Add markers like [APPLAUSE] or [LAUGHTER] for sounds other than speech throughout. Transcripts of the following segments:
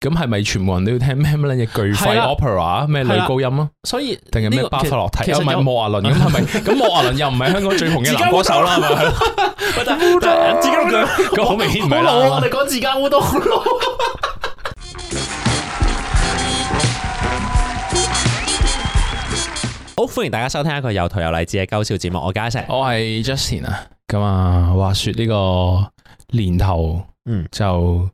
咁係咪全部人都要聽咩乜嘢巨肺 Opera 咩女高音啊？所以定係咩巴伐洛提啊？唔係莫華倫咁係咪？咁莫華倫又唔係香港最紅嘅男歌手啦？咪係啦？自間好明顯唔係啦。好，我哋講自間好冬。好，歡迎大家收聽一個又台又勵志嘅鳩笑節目。我係阿我係 Justin 啊。咁啊，話說呢個年頭，嗯，就。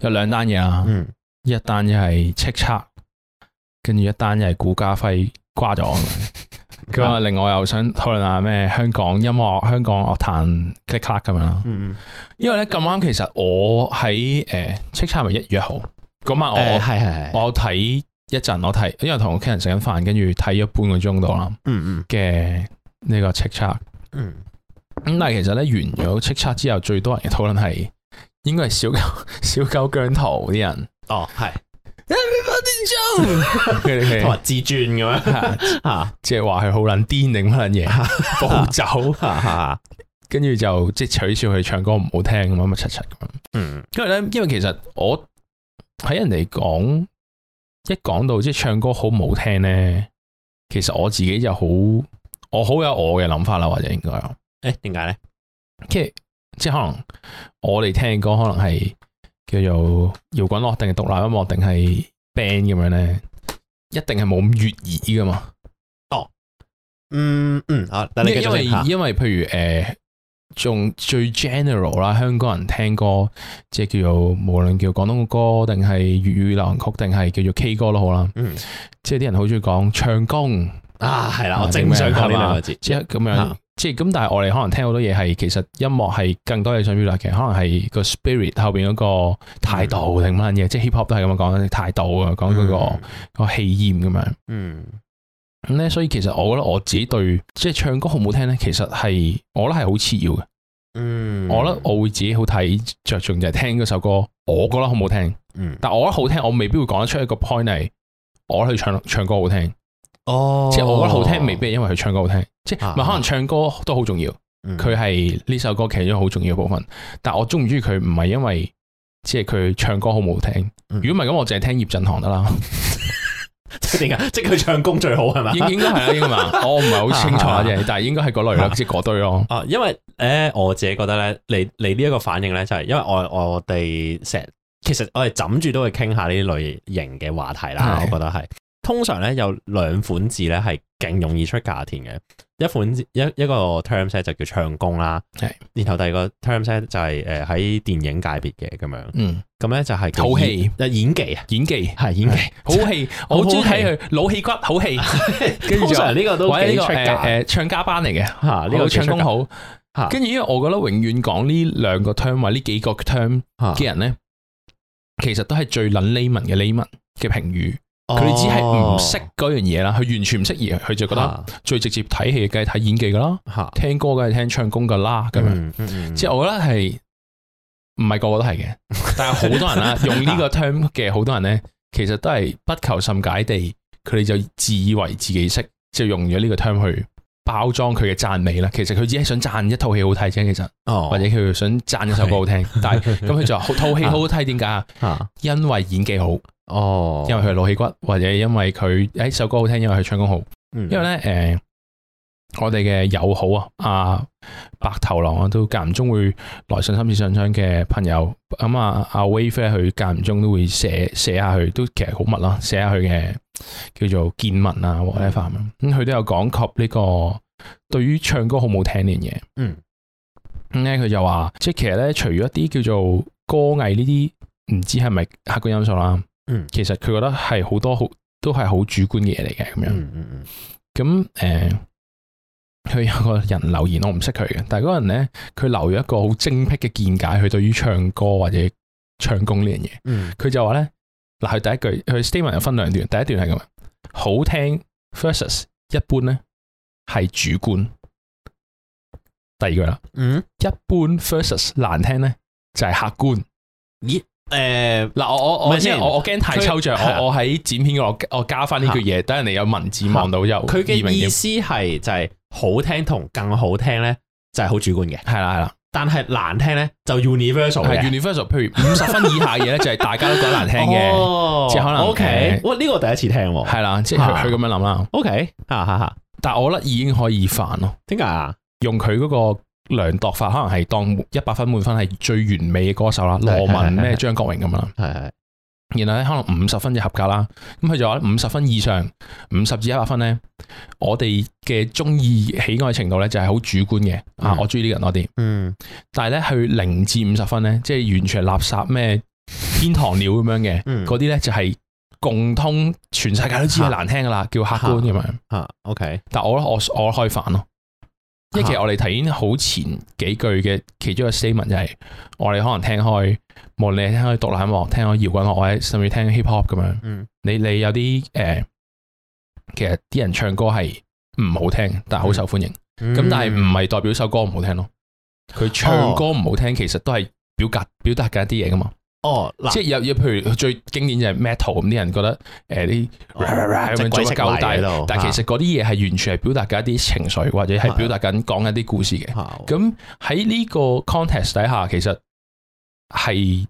有兩單嘢啦，嗯、一單一係叱吒，跟住一單又係顧家輝瓜咗。咁啊、 [LAUGHS] 嗯，另外我又想討論下咩香港音樂、香港樂壇 click clack 咁樣咯。因為咧咁啱，剛剛其實我喺誒、呃、叱吒咪、嗯、一月一號嗰晚，我係係係我睇一陣，我睇因為同屋企人食緊飯，跟住睇咗半個鐘度啦。嗯嗯，嘅呢個叱吒、嗯。嗯。咁但係其實咧完咗叱吒之後，最多人嘅討論係。應該係小狗小狗姜濤啲人哦，係你發癲咁，佢哋佢哋同自尊嘅咩吓，即係話佢好撚癲定乜撚嘢暴走，跟住、 [LAUGHS] 啊、就即係、就是、取笑佢唱歌唔好聽咁乜乜七七咁。蜜蜜蜜蜜，嗯，因為咧，因為其實我喺人哋講一講到即係唱歌好唔好聽咧，其實我自己就好，我好有我嘅諗法啦，或者應該誒，點解咧？即即係可能我哋聽嘅歌，可能係叫做搖滾樂，定係獨立音樂，定係 band 咁樣咧，一定係冇咁粵語噶嘛？哦，嗯嗯，啊，等你因為因為譬如誒，仲、呃、最 general 啦，香港人聽歌，即係叫做無論叫廣東歌，定係粵語流行曲，定係叫做 K 歌都好啦，嗯，即係啲人好中意講唱功啊，係啦，我正想講呢兩個字，即係咁樣。即係咁，但係我哋可能聽好多嘢，係其實音樂係更多嘢想表達嘅，可能係個 spirit 後邊嗰個態度定乜嘢，即係 hip hop 都係咁樣講緊，態度啊，講嗰個個氣焰咁樣。嗯，咁咧，所以其實我覺得我自己對即係、就是、唱歌好唔好聽咧，其實係我覺得係好次要嘅。嗯，我覺得我會自己好睇着重就係聽嗰首歌，我覺得好唔好聽。嗯，但我覺得好聽，我未必會講得出一個 point 嚟。我去唱唱歌好聽。哦，即係我覺得好聽未必係因為佢唱歌好聽，即係可能唱歌都好重要？佢係呢首歌其中好重要部分，但我鍾唔鍾意佢唔係因為即係佢唱歌好唔好聽。如果唔係咁，我淨係聽葉振棠得啦。即係點解？即係佢唱功最好係咪？應該係啊，應該啊，我唔係好清楚啫，但係應該係嗰類咯，即係嗰堆咯。啊，因為誒，我自己覺得咧，你你呢一個反應咧，就係因為我我哋成日，其實我哋枕住都會傾下呢類型嘅話題啦，我覺得係。通常咧有兩款字咧係勁容易出價田嘅，一款一一個 term 咧就叫唱功啦，然後第二個 term 咧就係誒喺電影界別嘅咁樣，嗯，咁咧就係好戲、演技、演技係演技，好戲，我好中意睇佢老戲骨，好戲。跟住呢個都，或呢個誒唱家班嚟嘅，嚇呢個唱功好，嚇。跟住因為我覺得永遠講呢兩個 term 或者呢幾個 term 嘅人咧，其實都係最撚 lemon 嘅 lemon 嘅評語。佢只係唔識嗰樣嘢啦，佢完全唔識而佢就覺得最直接睇戲嘅梗係睇演技噶啦，啊、聽歌梗係聽唱功噶啦咁樣。嗯嗯、即係我覺得係唔係個個都係嘅，嗯、但係好多人啦、啊， [LAUGHS] 用呢個 term 嘅好多人咧，其實都係不求甚解地，佢哋就自以為自己識，就用咗呢個 term 去包裝佢嘅讚美啦。其實佢只係想讚一套戲好睇啫，其實，哦、或者佢想讚一首歌好聽，的但係咁佢就話套戲好好睇點解啊？因為演技好。哦，oh. 因為佢係老氣骨，或者因為佢誒首歌好聽，因為佢唱功好。嗯、因為咧，誒、呃、我哋嘅友好啊，阿白頭狼啊，都間唔中會來信心事信箱嘅朋友咁啊。阿、啊、Wave 佢間唔中都會寫寫下佢，都其實好密咯，寫下佢嘅叫做見聞啊。Wave 咁佢都有講及呢、這個對於唱歌好唔好聽呢樣嘢。嗯，咁咧佢就話即係其實咧，除咗一啲叫做歌藝呢啲，唔知係咪客觀因素啦。很很嗯，其實佢覺得係好多好都係好主觀嘅嘢嚟嘅，咁樣。嗯嗯咁誒，佢有個人留言，我唔識佢嘅，但係嗰個人咧，佢留咗一個好精辟嘅見解，佢對於唱歌或者唱功呢樣嘢。嗯。佢就話咧，嗱，佢第一句，佢 statement 又分兩段，第一段係咁，好聽 versus 一般咧係主觀。第二句啦。嗯。一般 versus 難聽咧就係客觀。咦、嗯？誒，嗱我我我先，我我驚太抽象，我喺剪片度我我加翻呢句嘢，等人哋有文字望到又。佢嘅意思係就係好聽同更好聽咧，就係好主觀嘅，係啦係啦。但係難聽咧，就 universal 係 universal。譬如五十分以下嘢咧，就係大家都覺得難聽嘅，即係可能。O K，喂呢個第一次聽，係啦，即係佢咁樣諗啦。O K，吓吓吓，但係我覺得已經可以煩咯。點解啊？用佢嗰個。量度法可能係當一百分滿分係最完美嘅歌手啦，羅的文咩張的國榮咁樣啦。係的然後咧可能五十分就合格啦，咁佢就話，五十分以上，五十至一百分咧，我哋嘅中意喜愛的程度咧就係好主觀嘅啊！嗯、我中意呢個人多，多啲，嗯。但係咧去零至五十分咧，即、就、係、是、完全垃圾咩天堂鳥咁樣嘅嗰啲咧，嗯、那些就係共通全世界都知道是難聽噶啦，啊、叫客觀咁樣、啊。啊，OK。但係我咧，我我開飯咯。即係其實我哋睇好前幾句嘅其中一個 statement 就係我哋可能聽開，無論聽開獨立音樂、聽開搖滾樂，或者甚至聽 hip hop 咁樣，嗯，你你有啲誒、呃，其實啲人唱歌係唔好聽，但係好受歡迎。咁，嗯，但係唔係代表首歌唔好聽咯，佢唱歌唔好聽，其實都係表達表達緊一啲嘢噶嘛。哦，嗯、即係有有，譬如最經典就係 metal，咁啲人覺得誒啲係咪做得夠大？大但係其實嗰啲嘢係完全係表達緊一啲情緒，啊、或者係表達緊講緊啲故事嘅。咁喺呢個 context 底下，其實係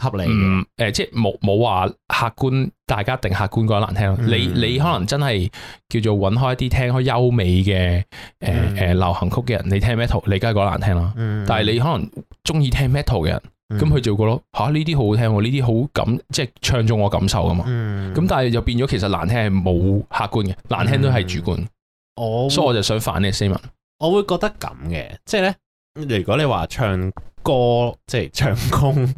合理誒、嗯呃，即係冇冇話客觀，大家定客觀講難聽。嗯、你你可能真係叫做搵開一啲聽開優美嘅誒誒流行曲嘅人，你聽 metal，你梗係講難聽啦。嗯、但係你可能中意聽 metal 嘅人。咁佢做過咯，吓呢啲好好聽，呢啲好感即係唱中我感受噶嘛。咁、嗯、但係又變咗，其實難聽係冇客觀嘅，難聽都係主觀。嗯、所以我就想反你 Simon 我會覺得咁嘅，即係咧，如果你話唱歌即係、就是、唱功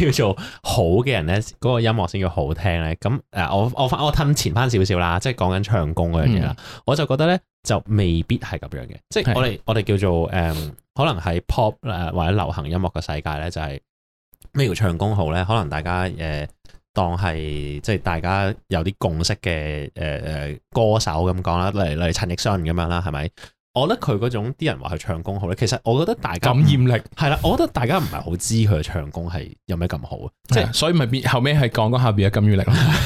要 [LAUGHS] 做好嘅人咧，嗰、那個音樂先叫好聽咧。咁誒，我我翻我褪前翻少少啦，即係講緊唱功嗰樣嘢啦。嗯、我就覺得咧，就未必係咁樣嘅，即、就、係、是、我哋的我哋叫做誒、嗯，可能係 pop 誒或者流行音樂嘅世界咧，就係、是。咩叫唱功好咧？可能大家誒、呃、當係即係大家有啲共識嘅誒誒歌手咁講啦，例如例如陳奕迅咁樣啦，係咪？我覺得佢嗰種啲人話佢唱功好咧，其實我覺得大家感染力係啦，我覺得大家唔係好知佢嘅唱功係有咩咁好啊，即係所以咪變後尾係講講下面嘅金魚力啦，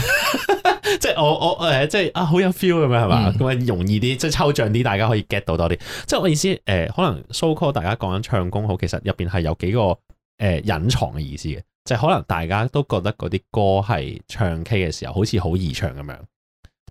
即係我我誒即係啊好有 feel 咁、嗯、樣係嘛，咁啊容易啲，即係抽象啲，大家可以 get 到多啲。即係我意思誒、呃，可能 so call 大家講緊唱功好，其實入邊係有幾個。誒、呃，隱藏嘅意思嘅，就係，可能大家都覺得嗰啲歌係唱 K 嘅時候，好似好易唱咁樣，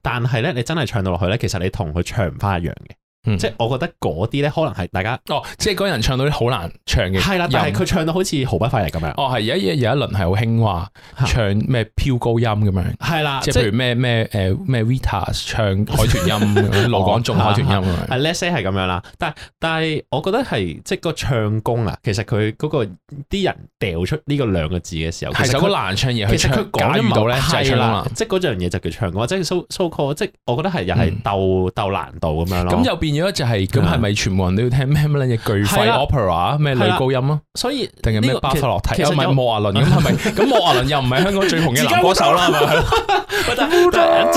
但係咧，你真係唱到落去咧，其實你同佢唱唔翻一樣嘅。即係我覺得嗰啲咧，可能係大家哦，即係嗰人唱到啲好難唱嘅，係啦，但係佢唱到好似毫不費力咁樣。哦，係而有一輪係好興話唱咩飄高音咁樣，係啦，即係譬如咩咩誒咩 Vitas 唱海豚音，羅廣仲海豚音 let's say 係咁樣啦。但但係我覺得係即係個唱功啊，其實佢嗰個啲人掉出呢個兩個字嘅時候，係好難唱嘢。其實佢改到咧，係啦，即係嗰樣嘢就叫唱功，即係 so called 即我覺得係又係鬥鬥難度咁樣咯。咁又如果就係咁，係咪全部人都要聽咩咩撚巨肺 opera 咩女高音啊？所以定係咩巴伐洛提啊？唔係莫華倫咁，係咪？咁莫華倫又唔係香港最紅嘅男歌手啦？嘛係咪？但係，但係，但係，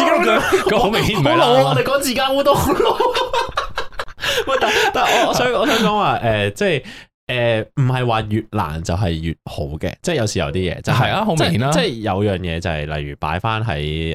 我想我想講話，誒，即係。誒，唔係話越難就係越好嘅，即係有時候有啲嘢就係、是、啊，好明顯啦、啊。即係有樣嘢就係、是，例如擺翻喺誒，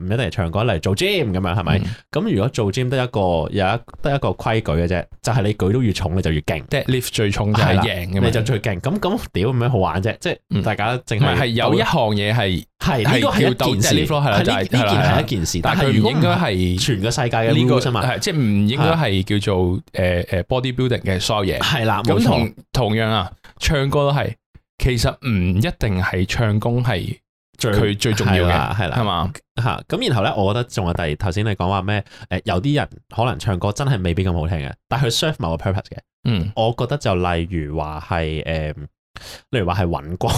唔一定係唱歌，例如做 gym 咁樣係咪？咁、嗯、如果做 gym 得一個有一得一個規矩嘅啫，就係、是、你舉到越重你就越勁。Deadlift 最重就係贏的，贏你就最勁。咁咁屌咁樣好玩啫，即係大家淨係、嗯、有一項嘢係。係呢個係件事，係呢呢件係一件事，但係唔應該係全個世界嘅呢個，即係唔應該係叫做誒誒 bodybuilding 嘅所有嘢。係啦，咁同同樣啊，唱歌都係，其實唔一定係唱功係最佢最重要嘅，係啦，係嘛吓。咁然後咧，我覺得仲有第二，頭先你講話咩？誒，有啲人可能唱歌真係未必咁好聽嘅，但係佢 serve 某個 purpose 嘅。嗯，我覺得就例如話係誒，例如話係尹光。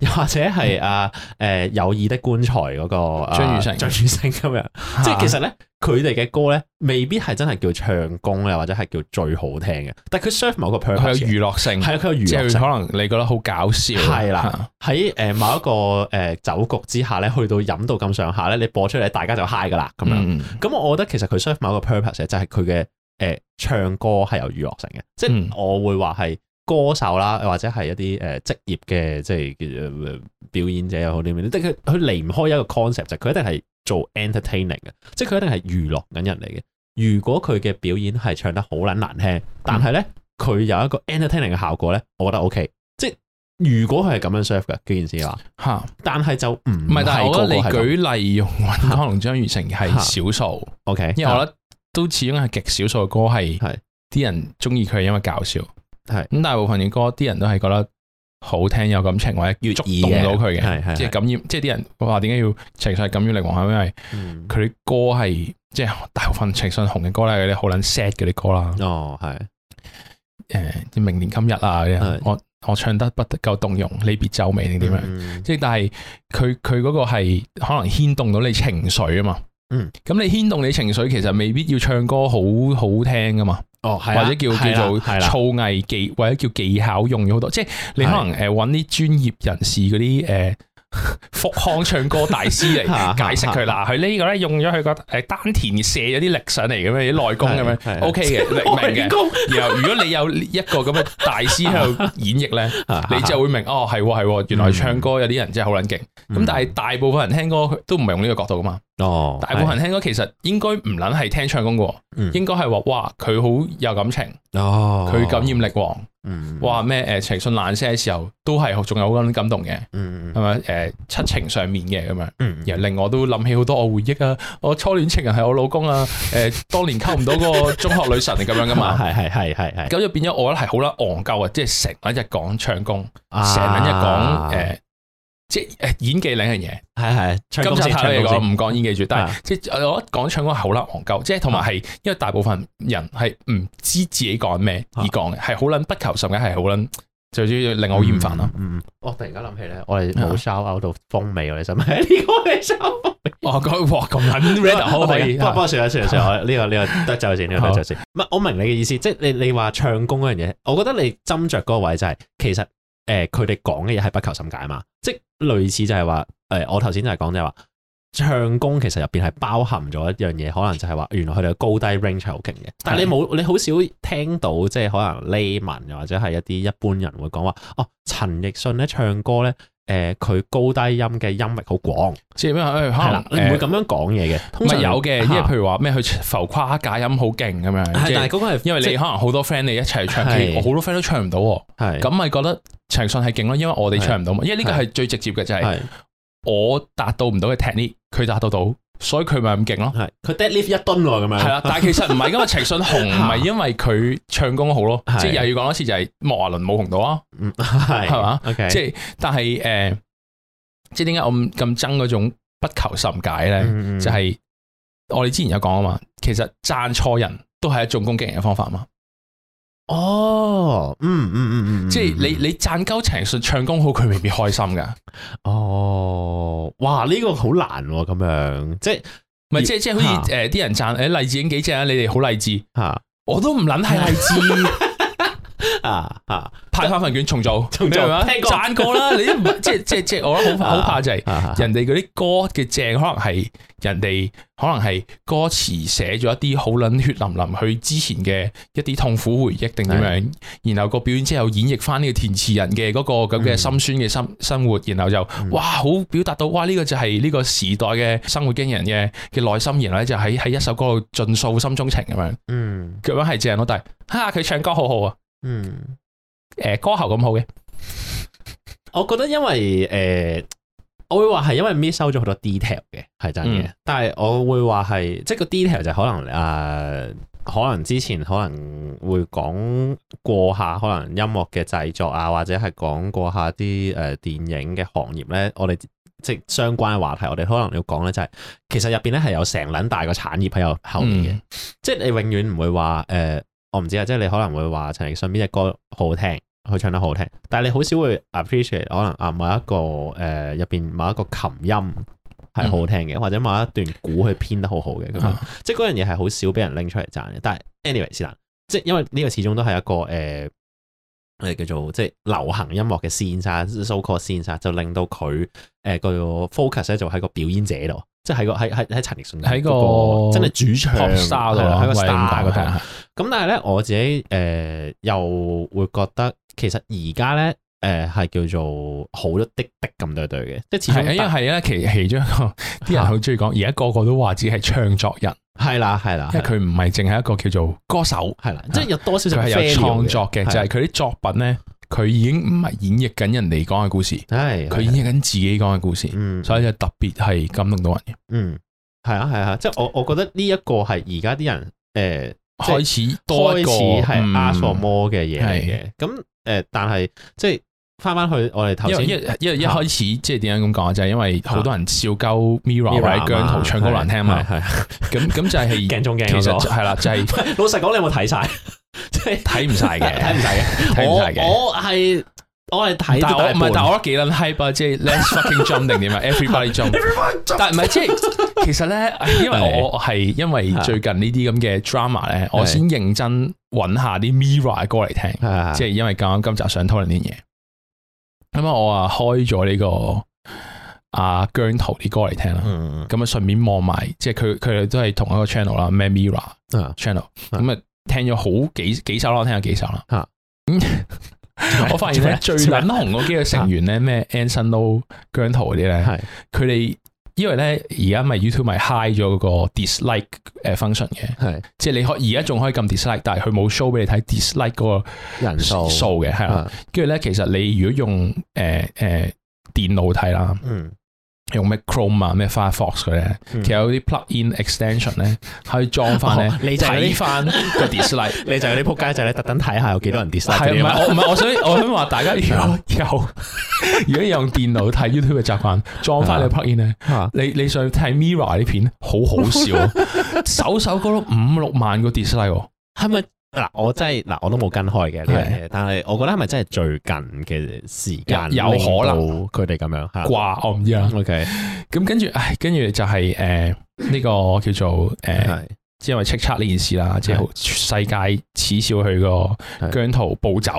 又或者係阿誒友誼的棺材嗰、那個張宇成、張宇、啊、成咁樣，啊、即係其實咧，佢哋嘅歌咧，未必係真係叫唱功嘅，或者係叫最好聽嘅。但係佢 serve 某個 purpose，有娛樂性，係佢有娛樂性，可能你覺得好搞笑。係啦，喺誒、啊、某一個誒酒局之下咧，去到飲到咁上下咧，你播出嚟，大家就 high 噶啦咁樣。咁、嗯、我覺得其實佢 serve 某個 purpose 就係佢嘅誒唱歌係有娛樂性嘅，即係、嗯、我會話係。歌手啦，或者係一啲誒、呃、職業嘅，即係叫做、呃、表演者又好啲咩？即係佢離唔開一個 concept，就佢一定係做 entertaining 嘅，即係佢一定係娛樂緊人嚟嘅。如果佢嘅表演係唱得好撚難聽，但係咧佢有一個 entertaining 嘅效果咧，我覺得 OK 即。即係如果佢係咁樣 serve 嘅，既然之話吓，但係就唔係。但係我覺得你舉例用尹可能張雨晴係少數 OK，因為我覺得都始終係極少數嘅歌係係啲人中意佢係因為搞笑。係咁，是大部分嘅歌啲人都係覺得好聽、有感情或者要觸動到佢嘅，的即係感染，是的即係啲人話點解要陳奕迅感染力強？的因為佢啲歌係、嗯、即係大部分陳奕迅紅嘅歌咧，嗰啲好捻 sad 嗰啲歌啦。哦，係誒、呃，明年今日啊，的我我唱得不夠動容，你別皺眉定點樣？嗯、即係但係佢佢嗰個係可能牽動到你情緒啊嘛。嗯，咁你牽動你情緒，其實未必要唱歌好好聽噶嘛。哦，啊、或者叫叫做係啦，操藝技、啊啊、或者叫技巧用咗好多，啊、即係你可能誒揾啲專業人士嗰啲誒。腹腔唱歌大師嚟，解釋佢嗱，佢、啊啊、呢個咧用咗佢個誒丹田射咗啲力上嚟咁樣啲內功咁樣，OK 嘅，明嘅。內功 [LAUGHS] 然後如果你有一個咁嘅大師喺度演繹咧， [LAUGHS] 啊、你就會明哦，係係，原來唱歌有啲人真係好撚勁。咁、嗯、但係大部分人聽歌都唔係用呢個角度噶嘛。哦，大部分人聽歌其實應該唔撚係聽唱功噶，嗯、應該係話哇佢好有感情，哦，佢感染力王。嗯，咩誒、呃、情信難寫嘅時候，都係仲有嗰種感動嘅，係咪、嗯呃、七情上面嘅咁樣，然、嗯、令我都諗起好多我回憶啊，我初戀情人係我老公啊，誒、呃、當年溝唔到個中學女神嚟咁 [LAUGHS] 樣噶嘛，咁、 [LAUGHS] 啊、就變咗我咧係好啦，戇鳩啊，即係成日講唱功，成日講誒。啊呃即係演技呢樣嘢，係係，今次睇嚟講唔講演技住，但係即係我講唱功好甩黃鳩即係同埋係因為大部分人係唔知自己講咩而講嘅，係好撚不求甚解，係好撚最主要令我厭煩咯。嗯，我突然間諗起咧，我哋冇 show out 到風味嘅，係咪？呢個係 show out 咁狠 red，可以。唔好意思，唔好意思，呢個呢個得就先，呢個得就先。唔係，我明你嘅意思，即係你你話唱功嗰樣嘢，我覺得你斟着嗰個位就係其實。誒，佢哋講嘅嘢係不求甚解嘛，即類似就係話，誒、呃，我頭先就係講就係話，唱功其實入邊係包含咗一樣嘢，可能就係話，原來佢哋高低 range 好勁嘅，但係你冇你好少聽到，即係可能 layman 或者係一啲一般人會講話，哦，陳奕迅咧唱歌咧。誒，佢高低音嘅音域好廣，即係咩？誒，可能你唔會咁樣講嘢嘅，唔係有嘅，因為譬如話咩，去浮誇假音好勁咁樣，但係嗰個係因為你可能好多 friend 你一齊唱 K，我好多 friend 都唱唔到，係咁咪覺得陳奕迅係勁咯，因為我哋唱唔到嘛，因為呢個係最直接嘅就係我達到唔到嘅 technique，佢達到到。所以佢咪咁勁咯，佢 deadlift 一噸喎咁樣，係啦。但係其實唔係噶嘛，陳信紅唔係 [LAUGHS] 因為佢唱功好咯，的即係又要講一次就係莫華倫冇紅到啊，係嘛、ok？即係但係誒，即係點解我咁憎嗰種不求甚解咧？嗯、就係我哋之前有講啊嘛，其實讚錯人都係一種攻擊人嘅方法嘛。哦，嗯嗯嗯嗯，嗯即係你你讚鳩程順唱功好，佢未必開心噶。哦，哇呢，這個難，啊、好難喎，咁樣即係咪即係即係好似誒啲人讚誒勵志影幾正啊？你哋好勵志吓，我都唔諗係勵志。的 [LAUGHS] 啊啊！派翻份卷重做，重做，聽過，賺做過啦。你都唔 [LAUGHS] 即係即係即係，我好怕好怕就係人哋嗰啲歌嘅正，可能係人哋可能係歌詞寫咗一啲好撚血淋淋，佢之前嘅一啲痛苦回憶定點樣？是的 然後個表演之後演繹翻呢個填詞人嘅嗰個咁嘅心酸嘅生生活，然後就哇好表達到哇呢個就係呢個時代嘅生活經驗嘅嘅內心，然後咧就喺喺一首歌度盡訴心中情咁樣。嗯，咁樣係正咯，但係吓佢唱歌好好啊。嗯，誒、呃，歌喉咁好嘅， [LAUGHS] 我覺得因為誒、呃，我會話係因為 Miss 收咗好多 detail 嘅，係真嘅。嗯、但係我會話係，即係個 detail 就可能誒、呃，可能之前可能會講過一下，可能音樂嘅製作啊，或者係講過一下啲誒、呃、電影嘅行業咧，我哋即相關嘅話題，我哋可能要講咧、就是，就係其實入邊咧係有成捻大個產業喺度後面嘅，嗯、即係你永遠唔會話誒。呃我唔知啊，即係你可能會話陳奕迅邊隻歌好，好聽，佢唱得好聽，但係你好少會 appreciate 可能啊某一個誒入邊某一個琴音係好聽嘅，嗯、或者某一段鼓佢編得好好嘅，咁即係嗰樣嘢係好少俾人拎出嚟讚嘅。但係 anyway 是但，即係因為呢個始終都係一個誒誒、我哋、叫做即係流行音樂嘅先殺，so called 先殺，ense ense, 就令到佢誒個 focus 咧就喺個表演者度，即係喺個喺喺陳奕迅喺個真係主唱喺個咁但係咧，我自己誒又會覺得，其實而家咧誒係叫做好一滴滴咁對對嘅，即係始終係其其中一個啲人好中意講，而家個個都話只係唱作人。係啦係啦，即係佢唔係淨係一個叫做歌手，係啦，即係有多少就係有創作嘅，就係佢啲作品咧，佢已經唔係演繹緊人哋講嘅故事，係佢演繹緊自己講嘅故事，所以就特別係感動到人嘅。嗯，係啊係啊，即係我我覺得呢一個係而家啲人誒。開始多一個開始係阿傻魔嘅嘢嚟嘅，咁誒是、呃，但係即係翻翻去我哋頭先一一一開始是即係點樣咁講，就係因為好多人笑鳩 Mirror 是或者姜濤唱歌難聽嘛，係咁咁就係、是、鏡 [LAUGHS] 中鏡、那個，其實係、就、啦、是，就係老實講，你有冇睇晒？即係睇唔晒嘅，睇唔晒嘅，睇唔晒嘅，我係。我係睇，但我唔係，但我都幾捻 hype 即係 Let's Fucking Jump 定點啊？Everybody Jump，但唔係，即係其實咧，因為我係因為最近呢啲咁嘅 drama 咧，我先認真揾下啲 mirror 嘅歌嚟聽，即係因為啱今集想討論啲嘢。咁啊，我啊開咗呢個阿姜濤啲歌嚟聽啦，咁啊順便望埋，即係佢佢都係同一個 channel 啦咩 mirror Channel，咁啊聽咗好幾幾首啦，聽咗幾首啦。我發現咧最粉紅嗰幾個成員咧，咩 Anson Lo、姜濤嗰啲咧，係佢哋因為咧而家咪 YouTube 咪 high 咗嗰個 dislike 誒 function 嘅，係是的 即係你可而家仲可以撳 dislike，但係佢冇 show 俾你睇 dislike 嗰個數的人數數嘅，係啦。跟住咧，是的 其實你如果用誒誒、呃呃、電腦睇啦，嗯。用咩 Chrome 啊，咩 Firefox 嘅、啊、咧，嗯、其實有啲 plug in extension 咧，可以裝翻咧睇翻個 dislike。你就嗰啲仆街仔咧，特登睇下有幾多人 dislike 嗎。係唔係？我唔係，我想我想話大家如果有如果 [LAUGHS] 用電腦睇 YouTube 嘅習慣，裝翻個 plug in 咧嗎，你你上去睇 MIRROR 啲片，好好笑、啊， [LAUGHS] 首首歌都五六萬個 dislike，係、啊、咪？嗱，我真係嗱，我都冇跟開嘅呢，但係我覺得係咪真係最近嘅時間有，有可能佢哋咁樣掛，我唔知啊。OK，咁跟住，唉，跟住就係誒呢個叫做誒，即、呃、係是因 c 叱咤呢件事啦，即係是世界始少佢個鏡頭暴走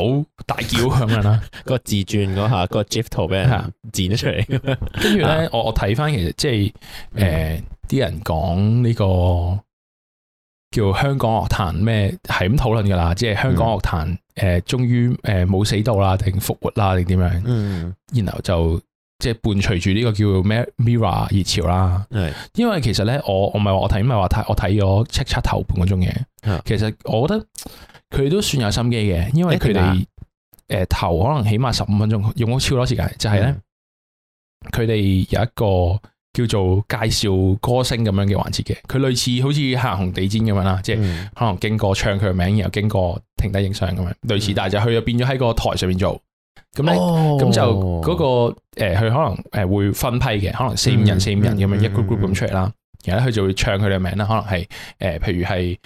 大叫咁是樣啦，個 [LAUGHS] 自轉嗰下個 g i f f top 剪咗出嚟，跟住咧我我睇翻其實即係誒啲人講呢、這個。叫香港樂壇咩係咁討論噶啦，即係香港樂壇誒，終於誒冇、呃、死到啦，定復活啦，定點樣？嗯、然後就即係伴隨住呢個叫做咩 Mirror 熱潮啦。係是的 因為其實咧，我我唔係話我睇唔係話睇，我睇咗 check 頭半個鐘嘢。是的 其實我覺得佢都算有心機嘅，因為佢哋誒、呃、頭可能起碼十五分鐘用咗超多時間，就係咧佢哋有一個。叫做介紹歌星咁樣嘅環節嘅，佢類似好似行紅地氈咁樣啦，即係可能經過唱佢嘅名，然後經過停低影相咁樣，類似，嗯、但係就佢又變咗喺個台上面做，咁咧、哦嗰個，咁就嗰個誒，佢可能誒會分批嘅，可能四五人四五人咁、嗯、樣，一 group group 咁出嚟啦，然後咧佢就會唱佢哋嘅名啦，可能係誒，譬如係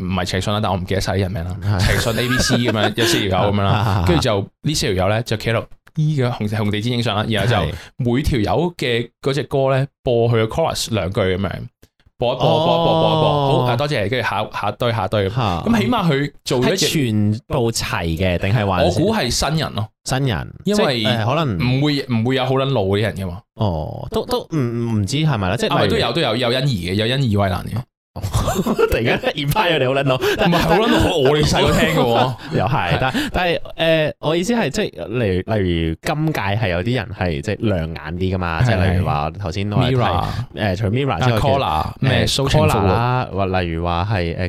唔係陳信啦，但我唔記得晒啲人名啦，陳是的 信 A B C 咁樣，有四條友咁樣啦，跟住就呢四條友咧就企喺度。依嘅紅紅地毯影相啦，然後就每條友嘅嗰隻歌咧播佢嘅 chorus 兩句咁樣，是播一播、oh. 播播播播，好啊多謝，跟住下一下堆下堆咁，oh. 起碼佢做咗全部齊嘅，定係話我估係新人咯，新人，新人因為、呃、可能唔會唔會有好捻老啲人嘅嘛。哦、oh.，都都唔唔唔知係咪啦，即係都有都有有欣宜嘅，有欣宜衛蘭嘅。突然間嫌翻我哋好撚咯，唔係好撚，我我哋細個聽嘅喎，又係，但但係誒，我意思係即係，例如例如今屆係有啲人係即係亮眼啲噶嘛，即係例如話頭先 Mirror 除 Mirror 之後，Collar 咩啦，或例如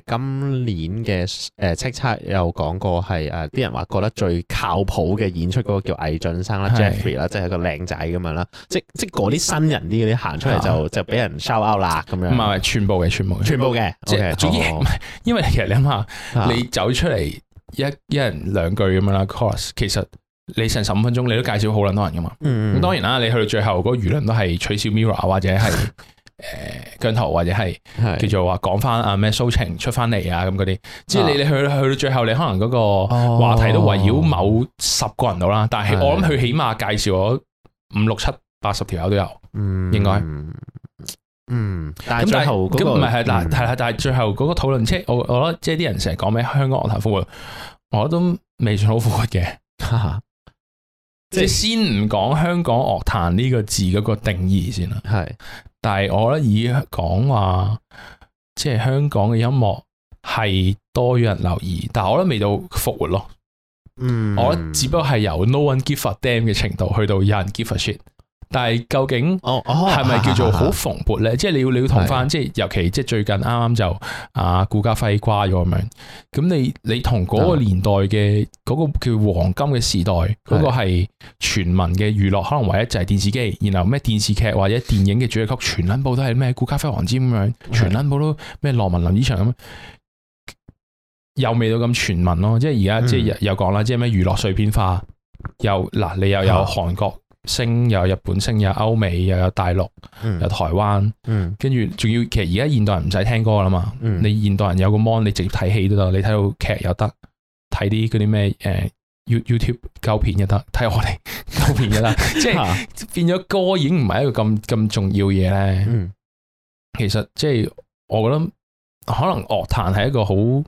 今年嘅有講過係啲人話覺得最靠譜嘅演出嗰個叫魏俊生啦，Jeffrey 啦，即係一個靚仔咁樣啦，即即啲新人啲啲行出嚟就就俾人 shout out 啦咁樣，唔係全部嘅，全部。嘅，即係因為想想、哦、orus, 其實你諗下，你走出嚟一一人兩句咁樣啦。Course，其實你成十五分鐘，你都介紹好多人㗎嘛。咁、嗯、當然啦，你去到最後嗰個輿論都係取消 Mirror 或者係誒姜濤或者係是叫做話講翻阿咩蘇婷出翻嚟啊咁嗰啲。哦、即係你你去去到最後，你可能嗰個話題都圍繞某十個人度啦。哦、但係我諗佢起碼介紹咗五六七八十條友都有，嗯、應該。嗯，但係最後嗰、那個唔係係，但係係係，嗯、但係最後個討論即係我，我覺得，即係啲人成日講咩香港樂壇復活，我都未算好復活嘅，哈哈即係是先唔講香港樂壇呢個字嗰個定義先啦。係是，但係我覺得以講話，即係香港嘅音樂係多咗人留意，但係我都未到復活咯。嗯，我覺得只不過係由 no one give a damn 嘅程度去到有人 give a shit。但係究竟係咪叫做好蓬勃咧？即係、哦哦啊啊、你要你要同返，即係的尤其即係最近啱啱就啊顧家輝瓜咗咁樣。咁你你同嗰個年代嘅嗰的個叫黃金嘅時代嗰、那個係全民嘅娛樂，可能唯一就係電視機，的然後咩電視劇或者電影嘅主題曲，全拎部都係咩顧家輝黃霑咁樣，全拎部都咩羅文林子祥咁，又未到咁全民咯？即係而家即係又講啦，即係咩娛樂碎片化，又嗱、啊、你又有韓國。星又有日本星，又歐美又有大陸、嗯、又有台灣，跟住仲要，其實而家現代人唔使聽歌啦嘛。嗯、你現代人有個 mon，你直接睇戲都得，你睇到劇又得，睇啲嗰啲咩誒 YouTube 舊片又得，睇我哋舊片又得。 [LAUGHS] 即係變咗歌已經唔係一個咁咁重要嘢咧。嗯、其實即係我覺得可能樂壇係一個好唔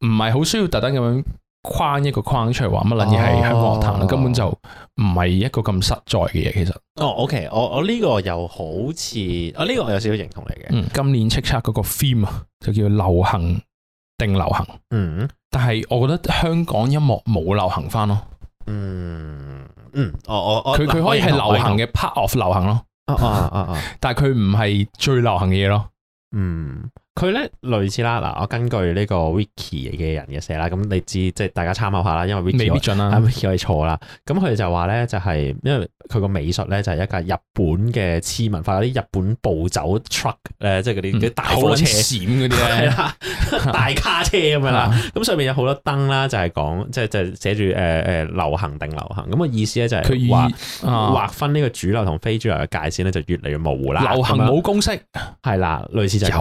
係好需要特登咁樣。框一個框出嚟話乜捻嘢係香港樂壇，根本就唔係一個咁實在嘅嘢。其實哦，OK，我我呢個又好似，哦這個、我呢個有少少認同嚟嘅、嗯。今年叱咤嗰個 theme 啊，就叫流行定流行。嗯，但係我覺得香港音樂冇流行翻咯。嗯嗯，哦哦哦佢佢可以係流行嘅 part of 流行咯。啊啊啊啊、但係佢唔係最流行嘅嘢咯。嗯。佢咧類似啦，嗱我根據呢個 Wiki 嘅人嘅寫啦，咁你知即係大家參考下啦，因為 Wiki 未必準啦，Wiki 係錯啦。咁佢哋就話咧，就係、是、因為佢個美術咧就係、是、一架日本嘅次文化，有啲日本暴走 truck 即係嗰啲大火車、嗯、閃嗰啲的 [LAUGHS] [LAUGHS] 大卡車咁樣啦。咁、啊、上面有好多燈啦，就係講即係即係寫住誒流行定流行咁嘅、那個、意思咧，就係劃劃分呢個主流同非主流嘅界線咧，就越嚟越模糊啦。流行冇樣公式，係啦，類似就係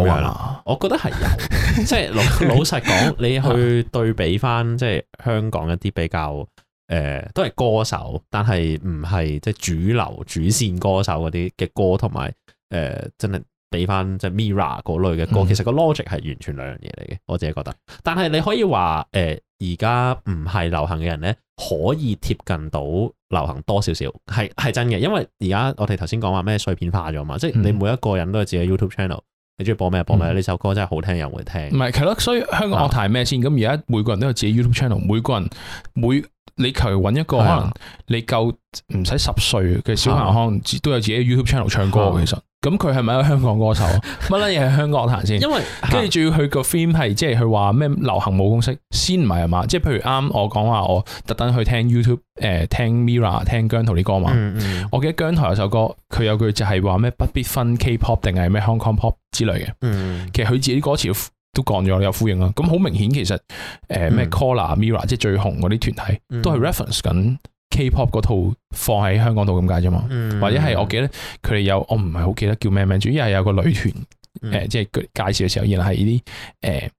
我覺得係有，即係老老實講，你去對比翻，即係香港一啲比較誒、呃，都係歌手，但係唔係即係主流主線歌手嗰啲嘅歌，同埋誒真係俾翻即係 Mirror 嗰類嘅歌，嗯、其實個 logic 係完全兩樣嘢嚟嘅，我自己覺得。但係你可以話誒，而家唔係流行嘅人咧，可以貼近到流行多少少，係係真嘅，因為而家我哋頭先講話咩碎片化咗嘛，嗯、即係你每一個人都有自己 YouTube channel。你中意播咩？播咩？呢、嗯、首歌真係好聽，又會聽。唔係，係咯。所以香港樂壇係咩先？咁而家每個人都有自己 YouTube channel，每個人每。你求其搵一個可能，你夠唔使十歲嘅小朋友可能都有自己 YouTube channel 唱歌。嗯、其實咁佢係咪一個香港歌手？乜啦嘢係香港樂壇先？因為跟住仲要佢、啊、個 theme 係即係佢話咩流行冇公式，先唔係啊嘛？即係譬如啱我講話，我特登去聽 YouTube 誒、呃、聽 Mirror、聽，ira，聽姜濤啲歌嘛。嗯嗯、我記得姜濤有首歌，佢有句就係話咩不必分 K-pop 定係咩 Hong Kong pop 之類嘅。嗯、其實佢自己啲歌詞。都講咗有呼應啦，咁好明顯其實誒咩、呃嗯、Collar Mirror 即係最紅嗰啲團體，都係 reference 緊 K-pop 嗰套放喺香港度。咁解啫嘛，或者係我記得佢哋有，我唔係好記得叫咩名，主要係有個女團、嗯呃、即係介紹嘅時候，原來係呢啲誒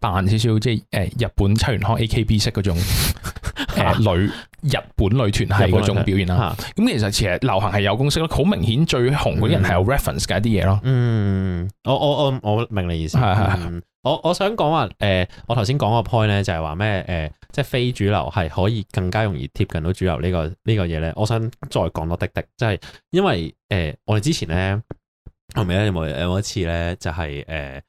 扮少少即係日本秋元康 AKB 式嗰種、嗯。 [LAUGHS] 女日本女團係嗰種表現啦，咁其實其實流行係有公式咯，好明顯最紅嗰啲人係有 reference 嘅一啲嘢咯。嗯，我我我我明白你意思。係係的、嗯。我我想講話，誒、呃，我頭先講個 point 咧，就係話咩？誒，即係非主流係可以更加容易貼近到主流、這個這個、東西呢個呢個嘢咧。我想再講多啲啲，即、就、係、是、因為誒、呃，我哋之前咧，後尾咧有冇有一次咧，就係、是、誒。呃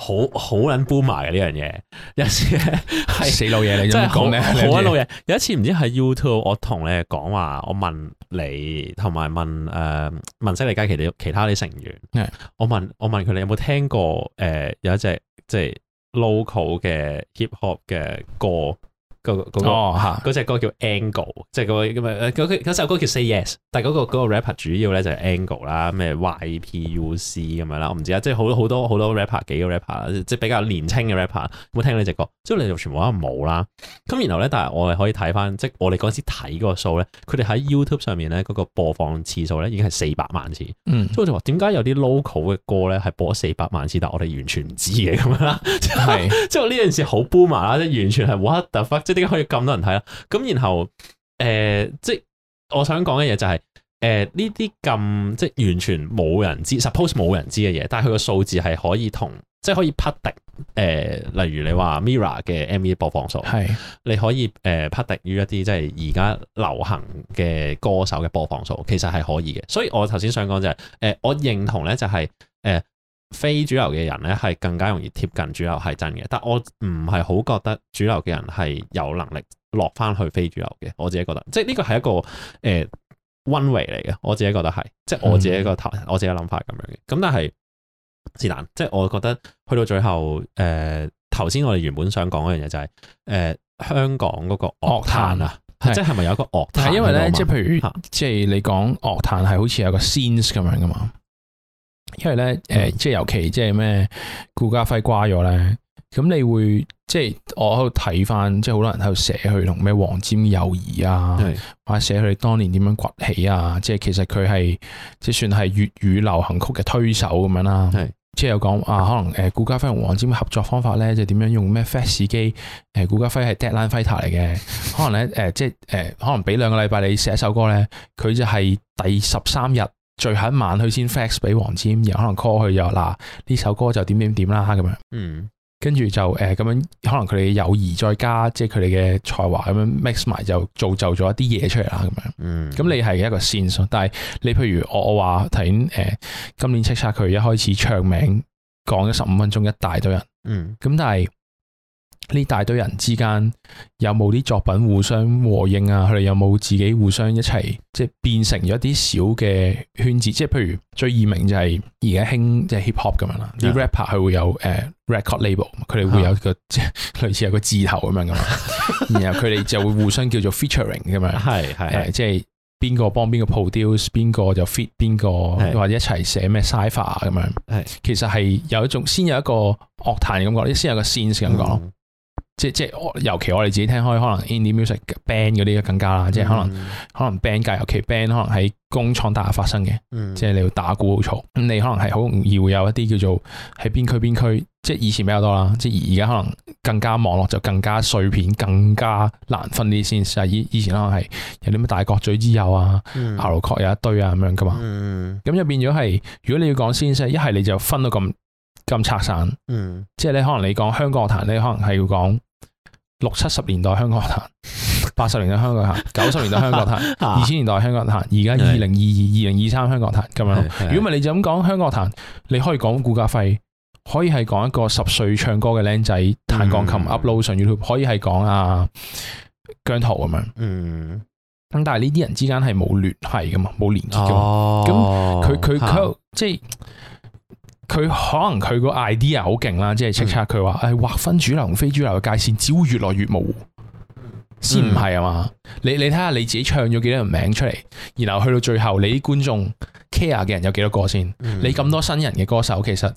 好好撚 boom 埋嘅 [LAUGHS] 呢樣嘢，一路 [LAUGHS] 有時係死老嘢，你真係講咧，好撚老嘢。有一次唔知喺 YouTube，我同你講話，我問你同埋問誒、呃、問西利街其其他啲成員，是的 我問我問佢哋有冇聽過誒、呃、有一隻即係 local 嘅 hip hop 嘅歌。嗰嗰、那個吓，隻、那、歌、個 oh. 叫 Angle，即係嗰個咁啊，首、那、歌、個、叫 Say Yes，但係、那、嗰個、那個 rapper 主要咧就係 Angle 啦，咩 Y P U C 咁樣啦，我唔知啊，即係好多好多好多 rapper，幾個 rapper，即係比較年輕嘅 rapper，咁聽呢隻歌，即係你就全部都冇啦。咁然後咧，但係我哋可以睇翻，即係我哋嗰時睇嗰個數咧，佢哋喺 YouTube 上面咧嗰個播放次數咧已經係四百萬次，即係、mm. 我哋話點解有啲 local 嘅歌咧係播咗四百萬次，但係我哋完全唔知嘅咁樣啦，係，即係呢是件事好 boom 啦，即係完全係 what the fuck 即點解可以咁多人睇啦？咁然後誒、呃，即我想講嘅嘢就係誒呢啲咁即係完全冇人知，suppose 冇人知嘅嘢，但係佢個數字係可以同即係可以匹敵誒、呃，例如你話 MIRROR 嘅 MV 播放數，係是你可以誒、呃、匹敵於一啲即係而家流行嘅歌手嘅播放數，其實係可以嘅。所以我頭先想講就係誒，我認同咧就係、是、誒。呃非主流嘅人咧，係更加容易貼近主流，係真嘅。但我唔係好覺得主流嘅人係有能力落翻去非主流嘅。我自己覺得，即係呢個係一個誒 one way 嚟嘅。我自己覺得係，即係我自己個頭，嗯、我自己諗法咁樣嘅。咁但係是但，即係我覺得去到最後，誒頭先我哋原本想講一樣嘢就係、是，誒、呃、香港嗰個樂壇啊，壇是即係咪有一個樂壇？因為咧，即係譬如，是即係你講樂壇係好似有個 scene 咁樣噶嘛。因為咧，誒，即係尤其即係咩，顧家輝瓜咗咧，咁你會即係、就是、我喺度睇返，即係好多人喺度寫佢同咩黃沾友誼啊，或者寫佢哋當年點樣崛起啊，即、就、係、是、其實佢係即係算係粵語流行曲嘅推手咁樣啦。即係有講啊，可能誒，顧家輝同黃沾嘅合作方法咧，就點、是、樣用咩 Fast 機？誒，顧家輝係 Deadline Fighter 嚟嘅，可能咧，誒、 [LAUGHS] 呃，即係誒，可能俾兩個禮拜你寫一首歌咧，佢就係第十三日。最後一晚，佢先 fax 俾黃霑，然後可能 call 佢又嗱，呢首歌就點點點啦咁樣，怎樣，嗯跟，跟住就誒咁樣，可能佢哋嘅友誼再加，即係佢哋嘅才華咁樣 mix 埋，就造就咗一啲嘢出嚟啦咁樣，嗯，咁你係一個線索，但係你譬如我我話頭先誒，今年叱咤佢一開始唱名講咗十五分鐘，一大堆人，嗯，咁但係。呢大堆人之間有冇啲作品互相和應啊？佢哋有冇自己互相一齊即係變成咗一啲小嘅圈子？即係譬如最易明就係而家興即係 hip hop 咁樣啦，啲是的 rapper 佢會有、uh, record label，佢哋會有個即是的 類似有個字頭咁樣是的 然後佢哋就會互相叫做 featuring 咁樣，係係 [LAUGHS] 是的 即係邊個幫邊個 produce，邊個就 fit 邊個或者一齊寫咩 cypher 啊咁樣。是的 其實係有一種先有一個樂壇嘅感覺，先有一個 sense 咁講。即即尤其我哋自己聽開，可能 indie music band 嗰啲更加啦。嗯、即係可能可能 band 界，尤其 band 可能喺工廠大廈發生嘅，嗯、即係你要打鼓好嘈。咁你可能係好容易會有一啲叫做喺邊區邊區。即係以前比較多啦，即係而家可能更加網絡就更加碎片，更加難分啲先實係以前可能係有啲咩大角咀之友啊，牛角、嗯、有一堆啊咁樣噶嘛。咁、嗯、就變咗係如果你要講先一係你就分到咁咁拆散。嗯、即係你，你可能你講香港樂壇你可能係要講。六七十年代香港樂壇，八十年代香港樂壇，九十 [LAUGHS] 年代香港樂壇，二千 [LAUGHS] 年代香港樂壇，而家二零二二、二零二三香港樂壇咁樣。 [LAUGHS] 如果唔係你就咁講香港樂壇，你可以講顧家輝，可以係講一個十歲唱歌嘅僆仔彈鋼琴，upload、嗯、上 YouTube，可以係講阿姜濤咁樣。嗯，咁但係呢啲人之間係冇聯繫噶嘛，冇連接嘅。咁佢佢佢即係。佢可能佢個 idea 好勁啦，即係叱咤佢話，誒、嗯、劃分主流同非主流嘅界線，只會越來越模糊，先唔係啊嘛？你你睇下你自己唱咗幾多人名出嚟，然後去到最後，你啲觀眾 care 嘅人有幾多個先？嗯、你咁多新人嘅歌手，其實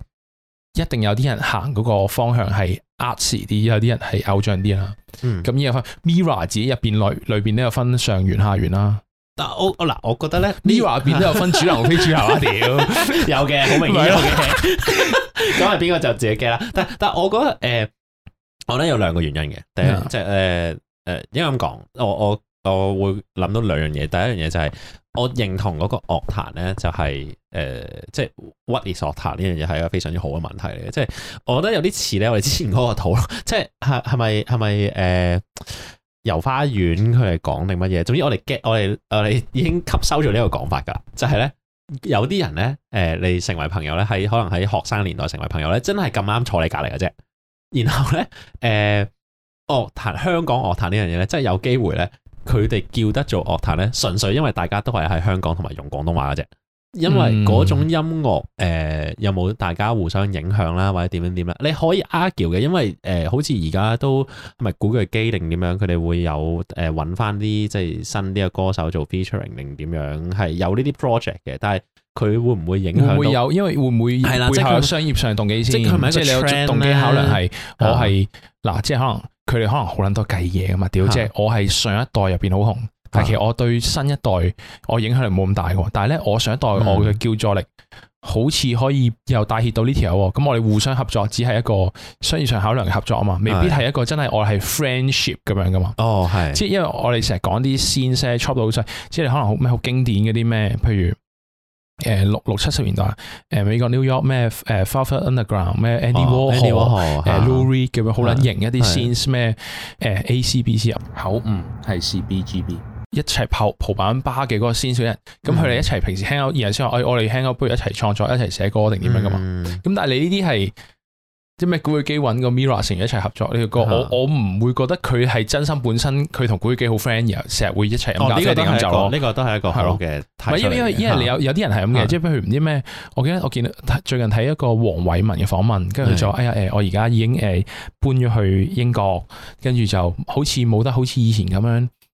一定有啲人行嗰個方向係 arty 啲，有啲人係偶像啲啦。咁依個 Mirror 自己入面，內裏邊都有分上元下元啦。但我嗱，我覺得咧 Mirror 入邊都有分主流同非主流啊，屌有嘅，好明顯有嘅。咁係邊個就自己嘅啦。但但係我覺得誒、呃，我咧有兩個原因嘅。第一即係誒誒，應該咁講，我我我會諗到兩樣嘢。第一樣嘢就係我認同嗰個樂壇咧，就係誒，即係 What is 樂壇呢樣嘢係一個非常之好嘅問題嚟嘅。即係我覺得有啲似咧，我哋之前嗰個討論，即係係係咪係咪誒？是是是不是是不是呃遊花園佢係講定乜嘢？總之我哋 get，我哋我哋已經吸收咗呢個講法噶，就係咧有啲人咧，誒，你成為朋友咧，喺可能喺學生年代成為朋友咧，真係咁啱坐你隔籬嘅啫。然後咧，誒、呃，樂壇香港樂壇呢樣嘢咧，真係有機會咧，佢哋叫得做樂壇咧，純粹因為大家都係喺香港同埋用廣東話嘅啫。因為嗰種音樂誒、嗯呃、有冇大家互相影響啦，或者點樣點啦？你可以 argue、er、嘅，因為誒、呃、好似而家都唔咪估佢基定點樣，佢哋會有誒搵翻啲即係新啲嘅歌手做 featuring 定點樣，係有呢啲 project 嘅。但係佢會唔會影響？會,會有？因為會唔會背啦後有商業上的動機先？即係唔係一個 f r i e n 動機考量係我係嗱，即係可能佢哋可能好捻多計嘢噶嘛屌，即係的我係上一代入邊好紅。但其實我對新一代我影響力冇咁大喎，但係咧我上一代我嘅叫座力好似可以又帶挈到呢條友，咁是的 我哋互相合作，只係一個商業上考量嘅合作啊嘛，未必係一個真係我係 friendship 咁樣噶嘛。哦，係。即係因為我哋成日講啲 scene set chop 到出嚟，即係可能好咩好經典嗰啲咩，譬如誒六六七十年代誒美國 New York 咩誒 Farther Underground 咩 Andy、哦、Warhol 誒 Lurie 咁樣好撚 ur 的型一啲 scene 咩誒 A C B C 啊，口誤，係 C B G B。一齊泡蒲板巴嘅嗰個先小人，咁佢哋一齊平時聽歌，然後先話，哎，我哋聽歌不如一齊創作，一齊寫歌定點樣噶嘛？咁但係你呢啲係，即咩古巨基揾個 Mirror 成日一齊合作呢個，我我唔會覺得佢係真心本身，佢同古巨基好 friend 然後，成日會一齊飲酒、飲酒、飲酒。呢個都係一個好嘅，因為因為因為有有啲人係咁嘅，即係譬如唔知咩，我記得我見到最近睇一個黃偉文嘅訪問，跟住就話，哎呀，誒，我而家已經誒搬咗去英國，跟住就好似冇得好似以前咁樣。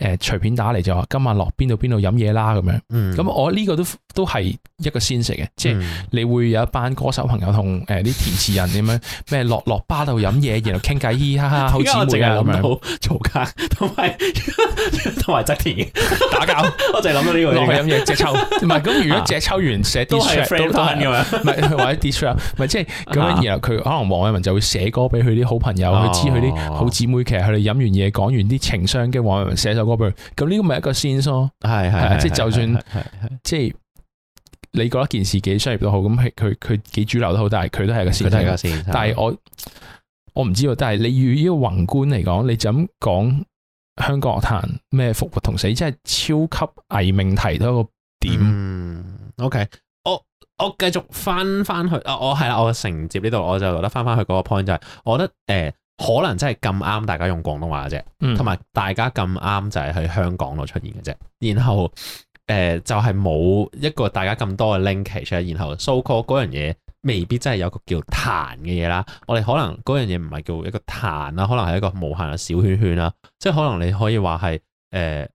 誒隨便打嚟就話今晚落邊度邊度飲嘢啦咁樣，咁我呢個都都係一個先食嘅，即係你會有一班歌手朋友同誒啲填詞人點樣咩落落巴度飲嘢，然後傾偈嘻嘻哈哈好姊妹咁樣，嘈交同埋同埋側田打交，我就係諗到呢個落去飲嘢，謝抽，唔係咁，如果謝抽完寫啲 check 都係 friend 咁樣，唔係或者啲 check 唔係即係咁樣，然後佢可能黃偉文就會寫歌俾佢啲好朋友，佢知佢啲好姊妹其實佢哋飲完嘢講完啲情傷，跟黃偉文寫首。咁呢個咪一個先嗦，係係，即係就算係係，即係你覺得件事幾商業都好，咁係佢佢幾主流都好，但係佢都係一個先，但係我我唔知道，但係你以呢個宏觀嚟講，你就咁講香港樂壇咩復活同死，即係超級偽命題都一個點。OK，我我繼續翻翻去，啊，我係啦，我承接呢度，我就覺得翻翻去嗰個 point 就係，我覺得誒。可能真係咁啱，大家用廣東話嘅啫，同埋、嗯、大家咁啱就係喺香港度出現嘅啫。然後誒、呃，就係、是、冇一個大家咁多嘅 linkage，然後 so call 嗰樣嘢未必真係有個叫壇嘅嘢啦。我哋可能嗰樣嘢唔係叫一個壇啦，可能係一個無限嘅小圈圈啦。即係可能你可以話係誒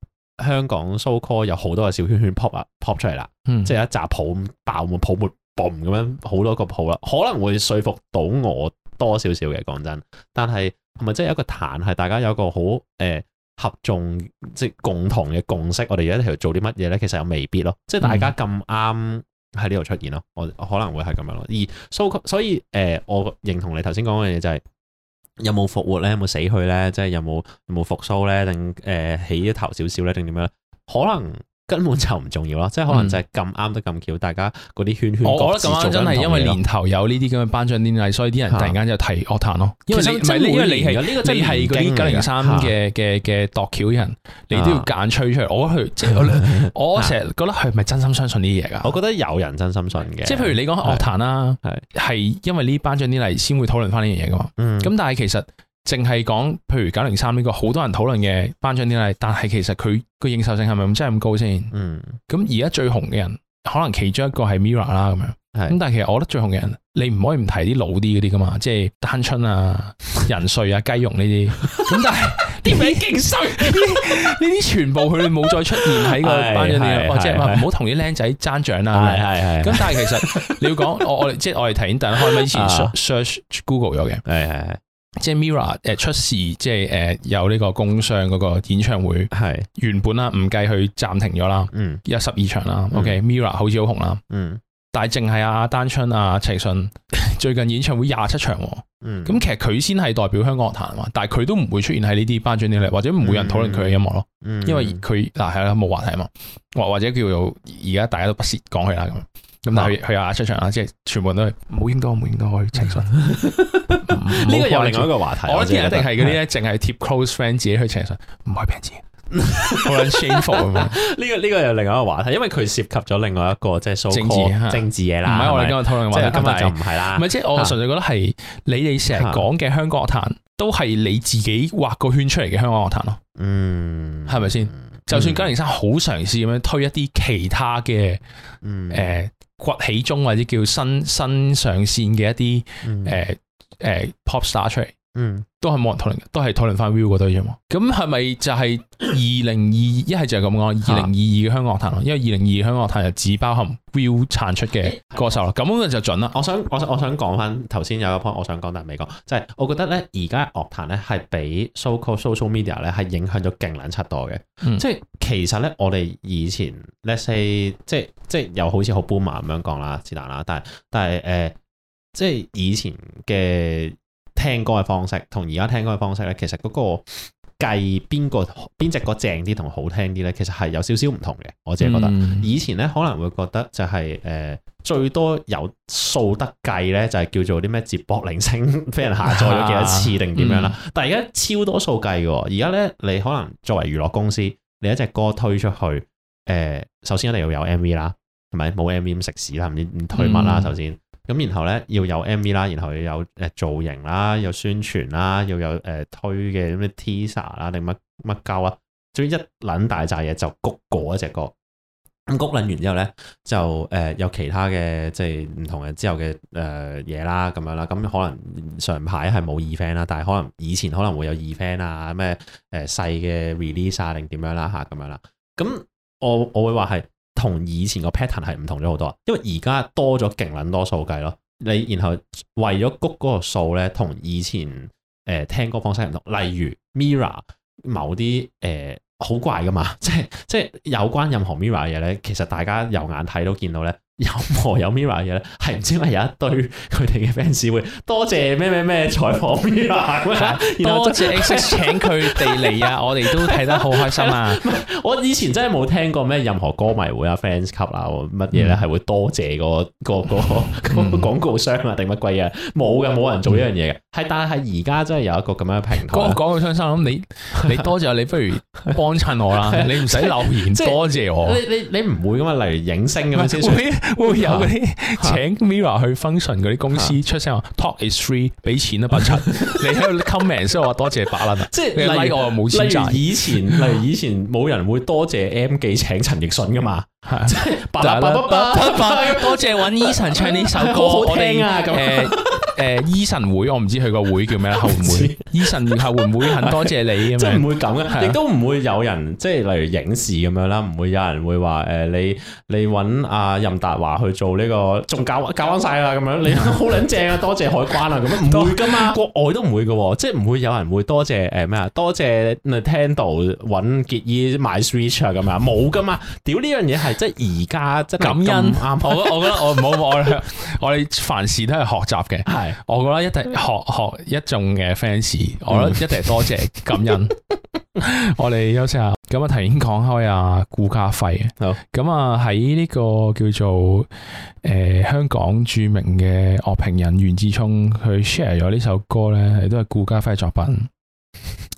香港 so call 有好多嘅小圈圈 pop 啊 pop 出嚟啦，嗯、即係一扎泡咁爆，冇泡沫 boom 咁樣好多個泡啦，可能會說服到我。多少少嘅，講真，但係係咪即係一個壇係大家有一個好、呃、合眾即係共同嘅共識，我哋而家喺度做啲乜嘢咧？其實又未必咯，即係大家咁啱喺呢度出現咯，嗯、我可能會係咁樣咯。而 so，所以、呃、我認同你頭先講嘅嘢就係有冇復活咧，有冇死去咧，即係有冇冇復甦咧，定、呃、起咗頭少少咧，定點樣咧？可能。根本就唔重要啦，即係可能就係咁啱得咁巧，大家嗰啲圈圈，我覺得咁啱真係因為年頭有呢啲咁嘅頒獎典禮，所以啲人突然間就提樂壇咯。因為你係呢個，你係嗰啲九零三嘅嘅嘅度橋人，你都要揀吹出嚟。我覺即係我成日覺得係咪真心相信呢啲嘢噶。的我覺得有人真心信嘅，即係譬如你講樂壇啦，係因為呢頒獎典禮先會討論翻呢樣嘢噶嘛。咁的但係其實。淨係講，譬如九零三呢個好多人討論嘅頒獎典禮，但係其實佢個認受性係咪真係咁高先？嗯。咁而家最紅嘅人，可能其中一個係 Mirror 啦咁樣。咁但係其實我覺得最紅嘅人，你唔可以唔提啲老啲嗰啲噶嘛，即係單春啊、人瑞啊、雞肉呢啲。咁但係啲名勁衰，呢啲全部佢哋冇再出現喺個頒獎典禮，或者話唔好同啲僆仔爭獎啦。係係係。咁但係其實你要講，我我即係我哋提醒大家，開咪以前 search Google 咗嘅。係係。即係 Mira 誒出事，即係誒有呢個工商嗰個演唱會，係是原本啦，唔計佢暫停咗啦，一十二場啦。O.K.、嗯、Mira 好似好紅啦，嗯，但係淨係阿丹春、阿齊信最近演唱會廿七場，嗯，咁其實佢先係代表香港樂壇嘛，但係佢都唔會出現喺呢啲頒獎典禮，或者唔會有人討論佢嘅音樂咯，嗯嗯、因為佢嗱係啦，冇話題啊嘛，或或者叫做而家大家都不屑講佢啦咁。咁但係佢又出場，即係全部都唔好應該，唔好應該去澄清。呢個又另外一個話題。我啲人一定係嗰啲咧，淨係貼 close friend 自己去澄清，唔係平時，好 unshameful 咁樣。呢個呢個又另外一個話題，因為佢涉及咗另外一個即係政治政治嘢啦。唔係我哋今日討論話題，今日就唔係啦。唔係即係我純粹覺得係你哋成日講嘅香港樂壇，都係你自己畫個圈出嚟嘅香港樂壇咯。嗯，係咪先？就算金玲生好嘗試咁樣推一啲其他嘅，誒。崛起中，或者叫新新上線嘅一啲誒誒 pop star 出嚟。嗯，都係冇人討論，都係討論翻 Viu 嗰堆啫嘛。咁係咪就係二零二一係就係咁講？二零二二嘅香港樂壇咯，因為二零二二香港樂壇就只包含 Viu 產出嘅歌手咁咁 [LAUGHS] 就準啦。我想我想我想講翻頭先有一 point，我想講但係未講，就係、是、我覺得咧，而家樂壇咧係比 social social media 咧係影響咗勁撚七多嘅、嗯。即係其實咧，我哋以前 let's say 即係即係又好似好 boom 啊咁樣講啦，是但啦。但係但係誒、呃，即係以前嘅。聽歌嘅方式同而家聽歌嘅方式咧，其實嗰個計邊個邊隻歌正啲同好聽啲咧，其實係有少少唔同嘅。我自己覺得、嗯、以前咧可能會覺得就係、是、誒、呃、最多有數得計咧，就係叫做啲咩接駁鈴聲，俾人下載咗幾多次定點、啊、樣啦。嗯、但係而家超多數計喎。而家咧你可能作為娛樂公司，你一隻歌推出去，誒、呃、首先一定要有 M V 啦，係咪冇 M V 咁食屎啦，唔知推乜啦，嗯、首先。咁然後咧要有 MV 啦，然後要有誒造型啦，要有宣傳啦，又有誒、呃、推嘅咩 Teaser 啦定乜乜鳩啊？總之一撚大扎嘢就谷過一隻歌。咁、嗯、谷撚完之後咧，就誒、呃、有其他嘅即係唔同嘅之後嘅誒嘢啦，咁樣啦。咁可能上排係冇 event 啦，但係可能以前可能會有 event 啊，咩誒細嘅 release 啊，定點樣啦吓，咁樣啦。咁我我會話係。同以前個 pattern 係唔同咗好多，因為而家多咗勁撚多數計咯，你然後為咗谷嗰個數咧，同以前誒聽歌方式唔同，例如 mirror 某啲誒好怪噶嘛，即係即係有關任何 mirror 嘅嘢咧，其實大家有眼睇都見到咧。有磨有 mirror 嘅咧，係唔知咪有一堆佢哋嘅 fans 會多謝咩咩咩採訪 Mirror，然後多謝 X 請佢哋嚟啊，我哋都睇得好開心啊！我以前真係冇聽過咩任何歌迷會啊 fans club 啊乜嘢咧，係會多謝個個個廣告商啊定乜鬼嘢？冇嘅，冇人做呢樣嘢嘅。係但係而家真係有一個咁樣嘅平台。廣告商，心諗你你多謝你，不如幫襯我啦，你唔使留言，多謝我。你你唔會噶嘛？例如影星咁樣先會有嗰啲請 mirror 去 function 嗰啲公司出聲話 talk is free，俾錢啊，不出。 [LAUGHS] 你喺度 comment，所以我多謝白蘭啦。即係例如以前，例如以前冇人會多謝 M 記請陳奕迅噶嘛，即係拜多謝搵 Eason 唱呢首歌， [LAUGHS] 好聽啊咁。們樣誒，Eason 會我唔知佢個會叫咩後會，Eason 後會會很多謝你，即係唔會咁嘅，亦都唔會有人即係例如影視咁樣啦，唔會有人會話誒，你你揾阿任達華去做呢個，仲搞搞曬啦咁樣，你好靚正啊，多謝海關啊，咁樣唔會噶嘛，國外都唔會噶，即係唔會有人會多謝誒咩啊，多謝 Nintendo 揾結衣買 Switch 啊咁樣，冇噶嘛，屌呢樣嘢係即係而家即係感恩啱，我覺得我唔好我我哋凡事都係學習嘅。我覺得一定是，學學一眾嘅 fans，我諗一定多謝、嗯、感恩。 [LAUGHS] [LAUGHS] 我哋休息一下，咁啊，頭先講開啊，顧家輝。咁啊喺呢個叫做誒、呃、香港著名嘅樂評人袁智聰佢 share 咗呢首歌咧，亦都係顧家輝嘅作品。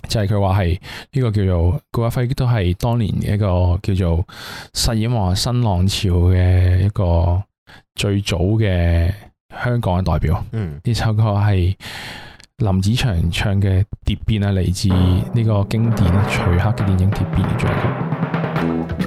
就係佢話係呢個叫做顧家輝，都係當年嘅一個叫做實演和新浪潮嘅一個最早嘅。香港嘅代表，嗯，呢首歌係林子祥唱嘅《蝶變》啊，嚟自呢個經典徐克嘅電影《蝶變》。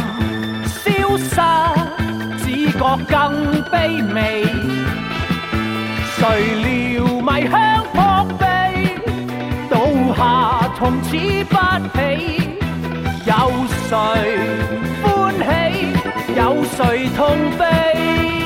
卑微，誰料迷香撲鼻，倒下從此不起，有誰歡喜，有誰痛悲？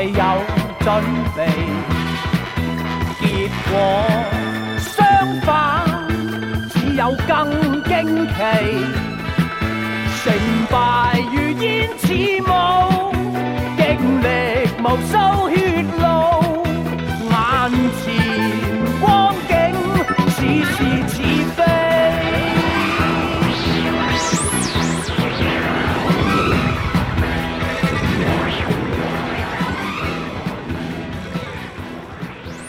未有準備，結果相反，只有更驚奇。成敗如煙似霧，經歷無數。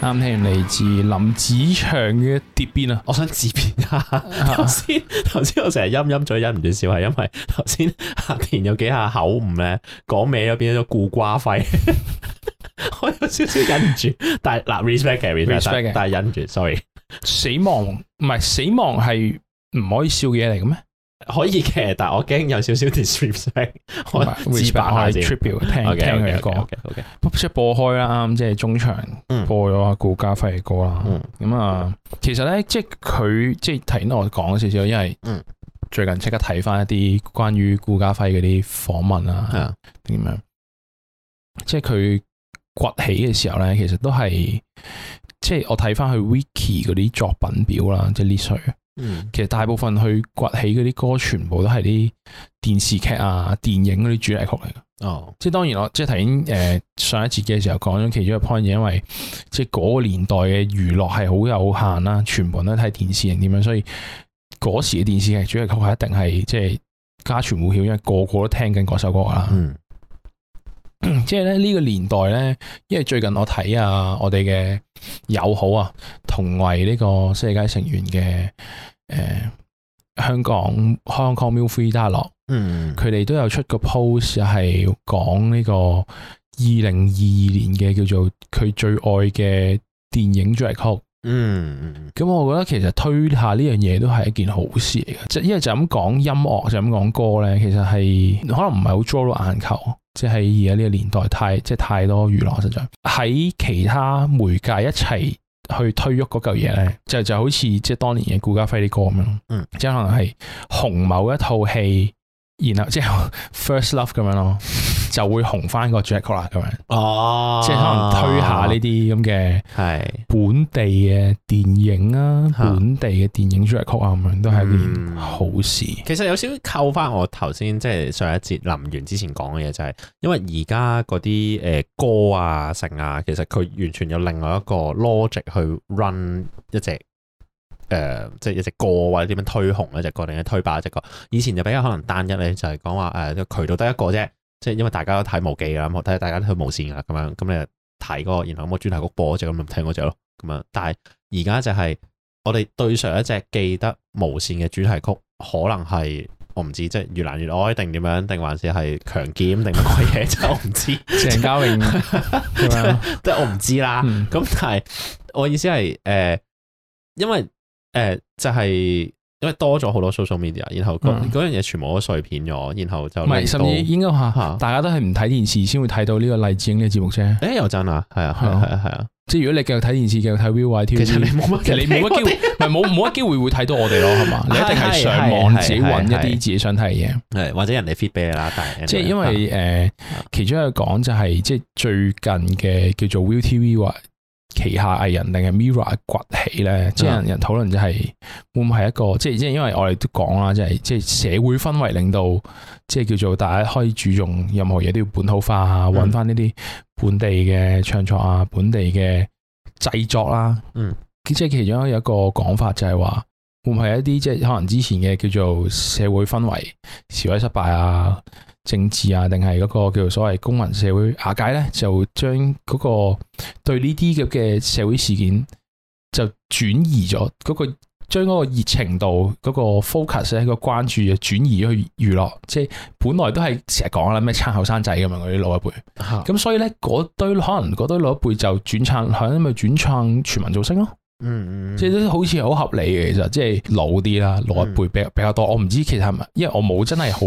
啱聽嚟自林子祥嘅蝶變啊！我想自辯下，啊，剛才，頭先頭先我成日陰陰嘴，忍唔住笑係因為頭先阿田有幾下口誤咧，講咩都變咗顧家輝 [LAUGHS] 我有少少忍唔住，但係嗱、 [LAUGHS] 啊、respect 嘅 respect，嘅的但係忍住，sorry 死。死亡唔係死亡係唔可以笑嘅嘢嚟嘅咩？可以嘅，但係我驚有少少 describe，我自白開住 [LAUGHS] 聽 okay，聽佢嘅歌嘅。OK，即、okay，係、okay，okay。播開啦，即係中場播咗啊顧家輝嘅歌啦。咁啊，其實咧，即係佢即係提醒我講少少，因為最近、嗯嗯、即刻睇翻一啲關於顧家輝嗰啲訪問啊，點樣？即係佢崛起嘅時候咧，其實都係即係我睇翻佢 Wiki 嗰啲作品表啦，即係呢嗯、其實大部分去崛起嗰啲歌，全部都係啲電視劇啊、電影嗰啲主題曲嚟噶。哦，即係當然我即係頭先誒上一節嘅時候講咗其中一個 point，就因為即係嗰個年代嘅娛樂係好有限啦，全部都睇電視人點樣，所以嗰時嘅電視劇主題曲係一定係即係家傳戶曉，因為個個都聽緊嗰首歌啦。嗯，即係咧呢個年代咧，因為最近我睇啊，我哋嘅。友好啊，同為呢個世界成員嘅誒、呃，香港 Hong Kong Mill Three 大佬，嗯，佢哋都有出 post 是個 post 係講呢個二零二二年嘅叫做佢最愛嘅電影主題曲。嗯，咁我覺得其實推下呢樣嘢都係一件好事嚟嘅，即係因為就咁講音樂就咁講歌咧，其實係可能唔係好捉到眼球，即係而家呢個年代太即係太多娛樂，實在喺其他媒介一齊去推喐嗰嚿嘢咧，就就好似即係當年嘅顧家輝啲歌咁樣，嗯、即係可能係紅某一套戲。然後之後 first love 咁樣咯，就會紅翻個主題曲啦咁樣。哦、啊，即係可能推下呢啲咁嘅係本地嘅電影啊，本地嘅電影 r 主題曲啊咁樣，都係一件好事。嗯、其實有少扣翻我頭先即係上一節林源之前講嘅嘢，就係、是、因為而家嗰啲誒歌啊、成啊，其實佢完全有另外一個 logic 去 run 一隻。誒、呃，即係一隻歌或者點樣推紅一隻歌定係推霸一隻歌。以前就比較可能單一咧，就係講話誒，渠道得一個啫，即係因為大家都睇無記啦，睇大家都睇無線噶啦，咁樣咁你睇，嗰個，然後咁個主題曲播咗就咁聽嗰隻咯，咁樣。但係而家就係我哋對上一隻記得無線嘅主題曲，可能係我唔知，即係越難越愛定點樣，定還是係強劍定乜鬼嘢，就 [LAUGHS] 我唔知。鄭嘉穎，即係我唔知啦。咁、嗯、但係我意思係誒、呃，因為。誒，就係因為多咗好多 social media，然後嗰嗰樣嘢全部都碎片咗，然後就唔係甚至應該話，大家都係唔睇電視先會睇到呢個勵志英嘅個節目啫。誒，又真啊，係啊，係啊，係啊，即係如果你繼續睇電視，繼續睇 Viu T V 其實你冇乜，其實你冇乜機會，係冇冇乜機會會睇到我哋咯，係嘛？你一定係上網自己搵一啲自己想睇嘅嘢，係或者人哋 fit 俾你啦。但係即係因為誒，其中一個講就係即係最近嘅叫做 Viu T V 旗下藝人定係 Mirror 崛起咧，即係人、嗯、人討論就係會唔會係一個，即係即係，因為我哋都講啦，即係即係社會氛圍令到，即係叫做大家可以注重任何嘢都要本土化啊，揾翻呢啲本地嘅創作啊，嗯、本地嘅製作啦、啊，嗯，即係其中有一個講法就係話，會唔會係一啲即係可能之前嘅叫做社會氛圍示威失敗啊？政治啊，定係嗰個叫做所謂公民社會瓦解咧，就將嗰個對呢啲咁嘅社會事件就轉移咗，嗰個將嗰個熱情度、嗰個 focus 咧個關注啊轉移咗去娛樂，即係本來都係成日講啦咩撐後生仔咁樣嗰啲老一輩，咁是的 所以咧嗰堆可能嗰堆老一輩就轉撐響咪轉撐全民造星咯。嗯，即係都好似好合理嘅，其實即係老啲啦，老一輩比比較多。我唔知其實係咪，因為我冇真係好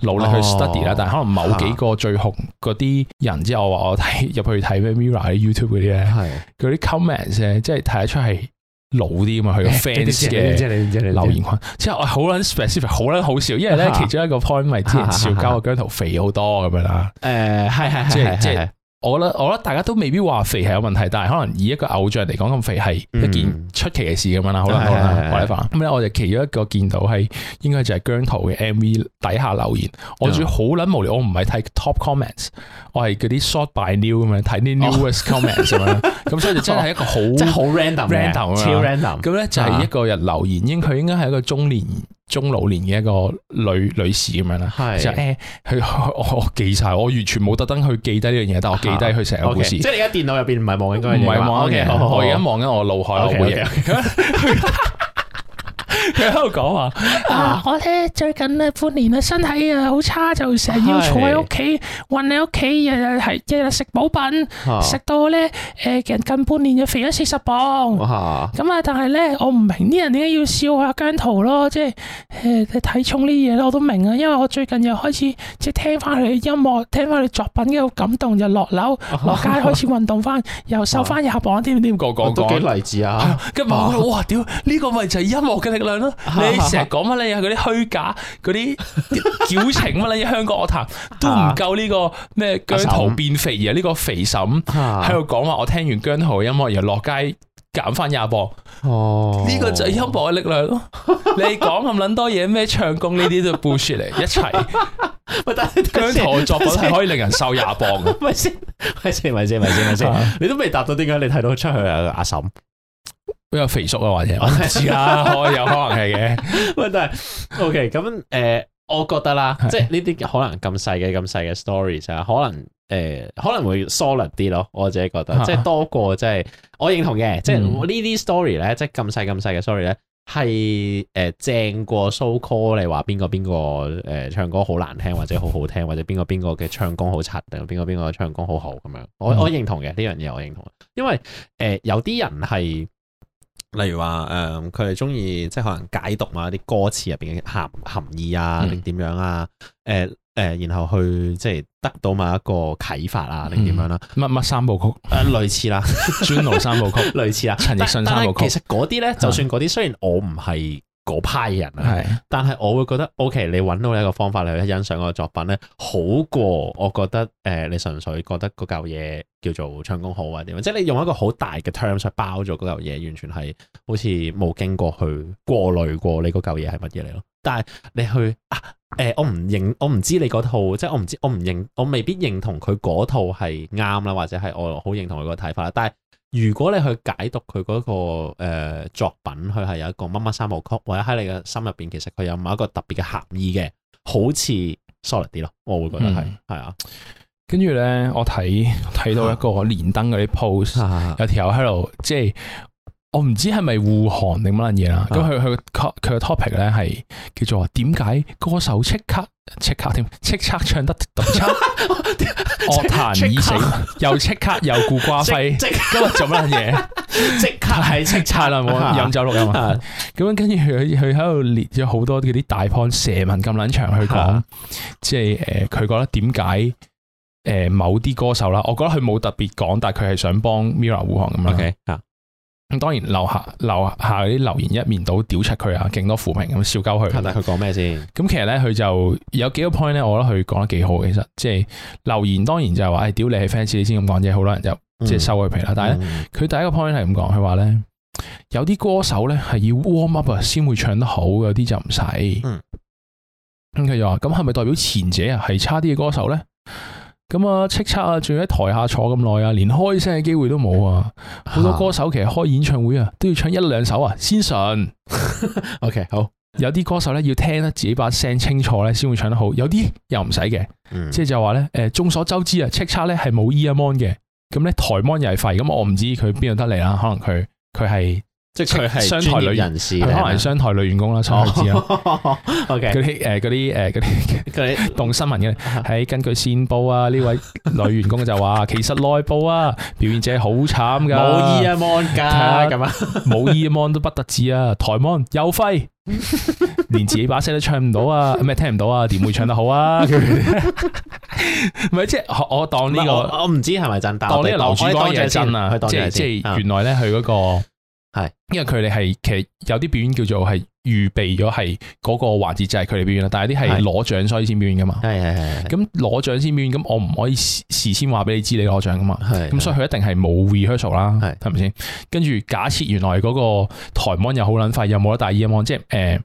努力去 study 啦。但係可能某幾個最紅嗰啲人之後，我話我睇入去睇咩 Mirror 喺 YouTube 嗰啲咧，嗰啲 comments 咧，即係睇得出係老啲啊嘛。佢 fans 嘅即你留言群，即係好捻 specific，好捻好笑，因為咧其中一個 point 咪之前笑交個姜濤肥好多咁樣啦。誒，係係係係。我咧，我覺得大家都未必話肥係有問題，但係可能以一個偶像嚟講咁肥係一件出奇嘅事咁樣啦，好啦、嗯，好啦，我仔房咁咧，我就其中一個見到係，應該就係姜濤嘅 M V 底下留言，我仲要好撚無聊，我唔係睇 Top comments，我係嗰啲 short by new 咁樣睇啲 newest comments 咁，咁所以就真係一個好，真係好、 [LAUGHS] 哦、random，random，超 random，咁咧就係一個人留言，應佢應該係一個中年。中老年嘅一個女女士咁樣啦，就誒，佢我記晒，我完全冇特登去記低呢樣嘢，但我記低佢成個故事。即係你而家電腦入邊唔係望緊嗰樣嘢嘅，我而家望緊我腦海嗰個嘢。佢喺度講話，我咧最近咧半年啊身體啊好差，就成日要坐喺屋企運喺屋企，日日係日日食補品，食是的 到咧誒，近半年就肥咗四十磅，咁啊是的，但係咧我唔明啲人點解要笑阿姜濤咯，即係誒，體重呢嘢咧我都明啊，因為我最近又開始即係聽翻佢嘅音樂，聽翻佢作品嘅好感動就落樓落街開始運動翻，又瘦翻廿磅添添，講講講都幾勵志子啊，咁啊哇屌呢個咪就係音樂嘅。力量咯、啊！你成日講乜咧？嗰啲虛假、嗰啲矯情乜咧？ [LAUGHS] 香港樂壇都唔夠呢個咩姜濤變肥啊！呢個肥嬸喺度講話，我聽完姜濤嘅音樂，然後落街減翻廿磅。哦，呢個就係音樂嘅力量咯、啊。 [LAUGHS] 你講咁捻多嘢，咩唱功呢啲都係 bullshit 嚟一齊。等等等等姜濤嘅作品係可以令人瘦廿磅咪先？咪先？咪先？咪先？咪先？等等 [LAUGHS] 你都未答到，點解你睇到出去阿阿嬸？都有肥叔啊，或者似啦、啊， [LAUGHS] 可以有可能係嘅。 [LAUGHS] 喂、okay，但係 O K，咁誒，我覺得啦，是的即係呢啲可能咁細嘅、咁細嘅 story 啊，可能誒、呃，可能會 solid 啲咯。我自己覺得， [LAUGHS] 即係多過即、就、係、是、我認同嘅、嗯，即係呢啲 story 咧，即係咁細咁細嘅 story 咧，係、呃、誒正過 so call 你話邊個邊個誒唱歌好難聽，或者好好聽，或者邊個邊個嘅唱功好差，定邊個邊個嘅唱功好好咁樣。我我認同嘅呢樣嘢，我認同。因為誒、呃、有啲人係。例如話誒，佢哋中意即係可能解讀某啲歌詞入邊嘅含含義啊，定點、嗯、樣啊？誒、呃、誒、呃，然後去即係得到某一個啟發啊，定點、嗯、樣啦、啊？乜乜三部曲誒，啊、類似啦，Juno [LAUGHS] 三部曲類似啊？陳 [LAUGHS] 奕迅三部曲。其實嗰啲咧，就算嗰啲，是的雖然我唔係。嗰派人啊，但係我會覺得，OK，你揾到一個方法嚟去欣賞嗰個作品咧，好過我覺得誒、呃，你純粹覺得嗰嚿嘢叫做唱功好或者點樣，即係你用一個好大嘅 terms 去包咗嗰嚿嘢，完全係好似冇經過去過濾過你嗰嚿嘢係乜嘢嚟咯。但係你去誒、啊呃，我唔認，我唔知你嗰套，即係我唔知，我唔認，我未必認同佢嗰套係啱啦，或者係我好認同佢個睇法啦，但係。如果你去解讀佢嗰個誒作品，佢係有一個乜乜三部曲，或者喺你嘅心入邊，其實佢有某一個特別嘅含義嘅，好似 solid 啲咯，我會覺得係係啊。跟住咧，我睇睇到一個連登嗰啲 post [LAUGHS] 有條友喺度即係。我唔知係咪護航定乜嘢啦，咁佢佢佢個 topic 咧係叫做點解歌手即刻即刻添即刻唱得特差，樂壇已死又即刻又顧家輝，今日做乜嘢？即刻係即刻啦，飲酒錄音啊嘛，咁樣跟住佢佢喺度列咗好多啲大 point 蛇文咁撚長去講，即係誒，佢覺得點解誒某啲歌手啦，我覺得佢冇特別講，但係佢係想幫 Mira 護航咁啊。咁當然樓下樓下啲留言一面倒屌出佢啊，勁多負評咁笑鳩佢。但係佢講咩先？咁其實咧佢就有幾個 point 咧，我覺得佢講得幾好。其實即係留言，當然就係、是、話，誒、哎，屌你係 fans，你先咁講啫。好多人就即係收佢皮啦。嗯、但係咧，佢、嗯、第一個 point 係咁講，佢話咧有啲歌手咧係要 warm up 啊，先會唱得好，有啲就唔使。咁佢就話，咁係咪代表前者啊係差啲嘅歌手咧？咁啊叱咤啊，仲要喺台下坐咁耐啊，連開聲嘅機會都冇啊！好多歌手其實開演唱會啊，都要唱一兩首啊，先順。 [LAUGHS] OK，好，有啲歌手咧要聽得自己把聲清楚咧，先會唱得好。有啲又唔使嘅，即係、嗯、就話咧，誒，眾所周知啊叱咤呢係咧係冇 ear mon 嘅，咁咧台 mon 又係廢，咁我唔知佢邊度得嚟啦，可能佢佢係。即係商台女人士，可能商台女員工啦，錯字啦。嗰啲誒啲誒啲啲讀新聞嘅喺根據線報啊，呢位女員工就話：其實內部啊，表演者好慘噶，冇二啊 mon 㗎，冇二阿 mon 都不特止啊，台 mon 又廢，連自己把聲都唱唔到啊，咩聽唔到啊，點會唱得好啊？唔係即係我當呢個，我唔知係咪真，但當呢個樓主當然係真啊，即係即係原來咧，佢嗰個。係，因為佢哋係其實有啲表演叫做係預備咗係嗰個環節就係佢哋表演啦，但係啲係攞獎所以先表演噶嘛。係係係。咁攞獎先表演，咁我唔可以事先話俾你知你攞獎噶嘛。係。咁所以佢一定係冇 rehearsal 啦。係係係，係咪先？跟住假設原來嗰個台 mon 又好捻快，又冇得帶耳 mon。即係誒、呃、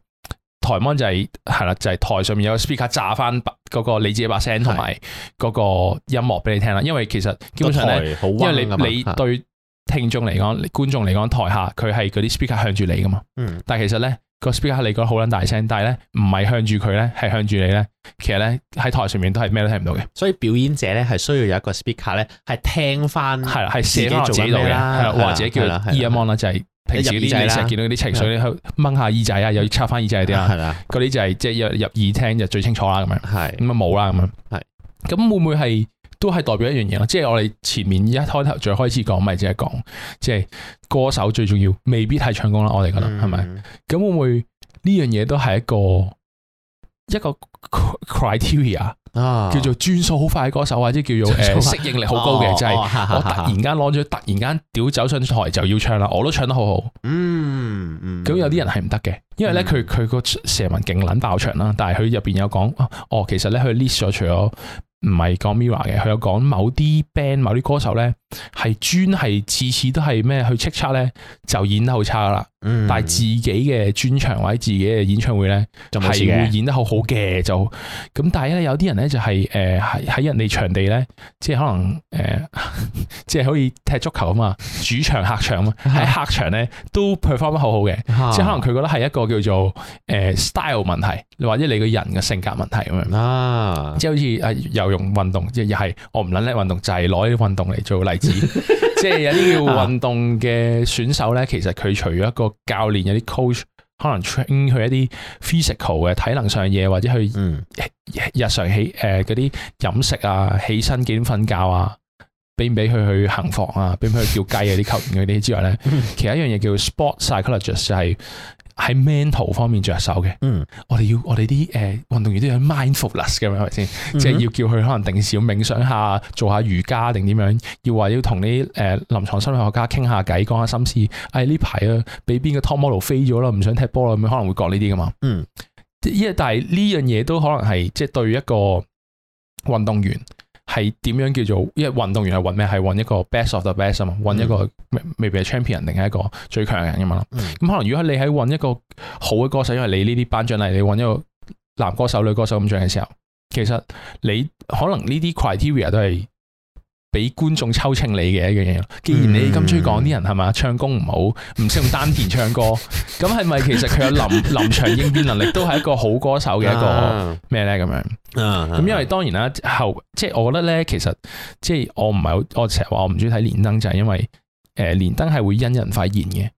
台 mon 就係係啦，就係、是、台上面有個 speaker 炸翻，嗰個你自己把聲同埋嗰個音樂俾你聽啦。是是因為其實基本上咧，因為你你對。聽眾嚟講，觀眾嚟講，台下佢係嗰啲 speaker 向住你噶嘛？嗯。但係其實咧，個 speaker 你覺得好撚大聲，但係咧唔係向住佢咧，係向住你咧。其實咧喺台上面都係咩都聽唔到嘅。所以表演者咧係需要有一個 speaker 咧，係聽翻係啦，係自己自己做啦，或者自己叫 earmon 啦，就係平時啲你成日見到啲情緒，你去掹下耳仔啊，又插翻耳仔啲啊，係啦，嗰啲就係即係入耳聽就最清楚啦咁樣。係咁啊冇啦咁樣。係咁會唔會係？都係代表一樣嘢咯，即、就、係、是、我哋前面一開頭最開始講，咪即係講，即、就、係、是、歌手最重要，未必係唱功啦。我哋覺得係咪？咁會唔會呢樣嘢都係一個一個 criteria、啊、叫做轉數好快嘅歌手，或者叫做誒、呃、適應力好高嘅，即係、哦、我突然間攞咗，哦、突然間屌走上台就要唱啦，我都唱得好好。嗯，咁有啲人係唔得嘅，因為呢，佢佢、嗯、個射文勁撚爆場啦，但係佢入面有講，哦，其實呢，佢 list 咗除咗。唔係講 Mirror 嘅，佢有講某啲 band、某啲歌手咧，係專係次次都係咩去叱咤咧，就演得好差啦。嗯，但係自己嘅專場或者自己嘅演唱會咧，就係會演得好好嘅就咁。但係咧有啲人咧就係誒喺人哋場地咧，即係可能誒、呃、 [LAUGHS] 即係好似踢足球啊嘛，主場客場啊嘛，喺客場咧都 perform 得好好嘅。啊、即係可能佢覺得係一個叫做誒、呃、style 問題，或者你個人嘅性格問題咁樣啊，即係好似誒。由。用運動即係又係我唔撚叻運動，就係攞啲運動嚟做例子，即係有啲叫運動嘅選手咧。其實佢除咗一個教練有啲 coach，可能 train 佢一啲 physical 嘅體能上嘢，或者佢日常起誒嗰啲飲食啊、起身幾點瞓覺啊，俾唔俾佢去行房啊，俾唔俾佢叫雞啊啲球員嗰啲之外咧，其實一樣嘢叫 sport psychologist 就係。喺 mental 方面着手嘅，嗯我，我哋要我哋啲誒運動員都要有 mindfulness 嘅，係咪先？嗯嗯即係要叫佢可能定時要冥想下，做下瑜伽定點樣？要話要同啲誒臨床心理學家傾下偈，講下心思。哎，呢排啊，俾邊個 tomorrow 飛咗啦，唔想踢波啦，咁樣可能會講呢啲噶嘛。嗯因為，一但係呢樣嘢都可能係即係對一個運動員。係點樣叫做？因為運動員係揾咩？係揾一個 best of the best 啊嘛，揾一個、嗯、未必係 champion 定係一個最強人嘅嘛。咁、嗯、可能如果你喺揾一個好嘅歌手，因為你呢啲頒獎禮，你揾一個男歌手、女歌手咁獎嘅時候，其實你可能呢啲 criteria 都係。俾觀眾抽秤你嘅一樣嘢，既然你咁中意講啲人係嘛、嗯，唱功唔好，唔識用丹田唱歌，咁係咪其實佢有臨臨場應變能力，都係一個好歌手嘅一個咩呢？咁樣、啊，咁、啊啊、因為當然啦，後即係我覺得呢，其實即係我唔係好，我成日話我唔中意睇連登，就係、是、因為誒連登係會因人發現嘅，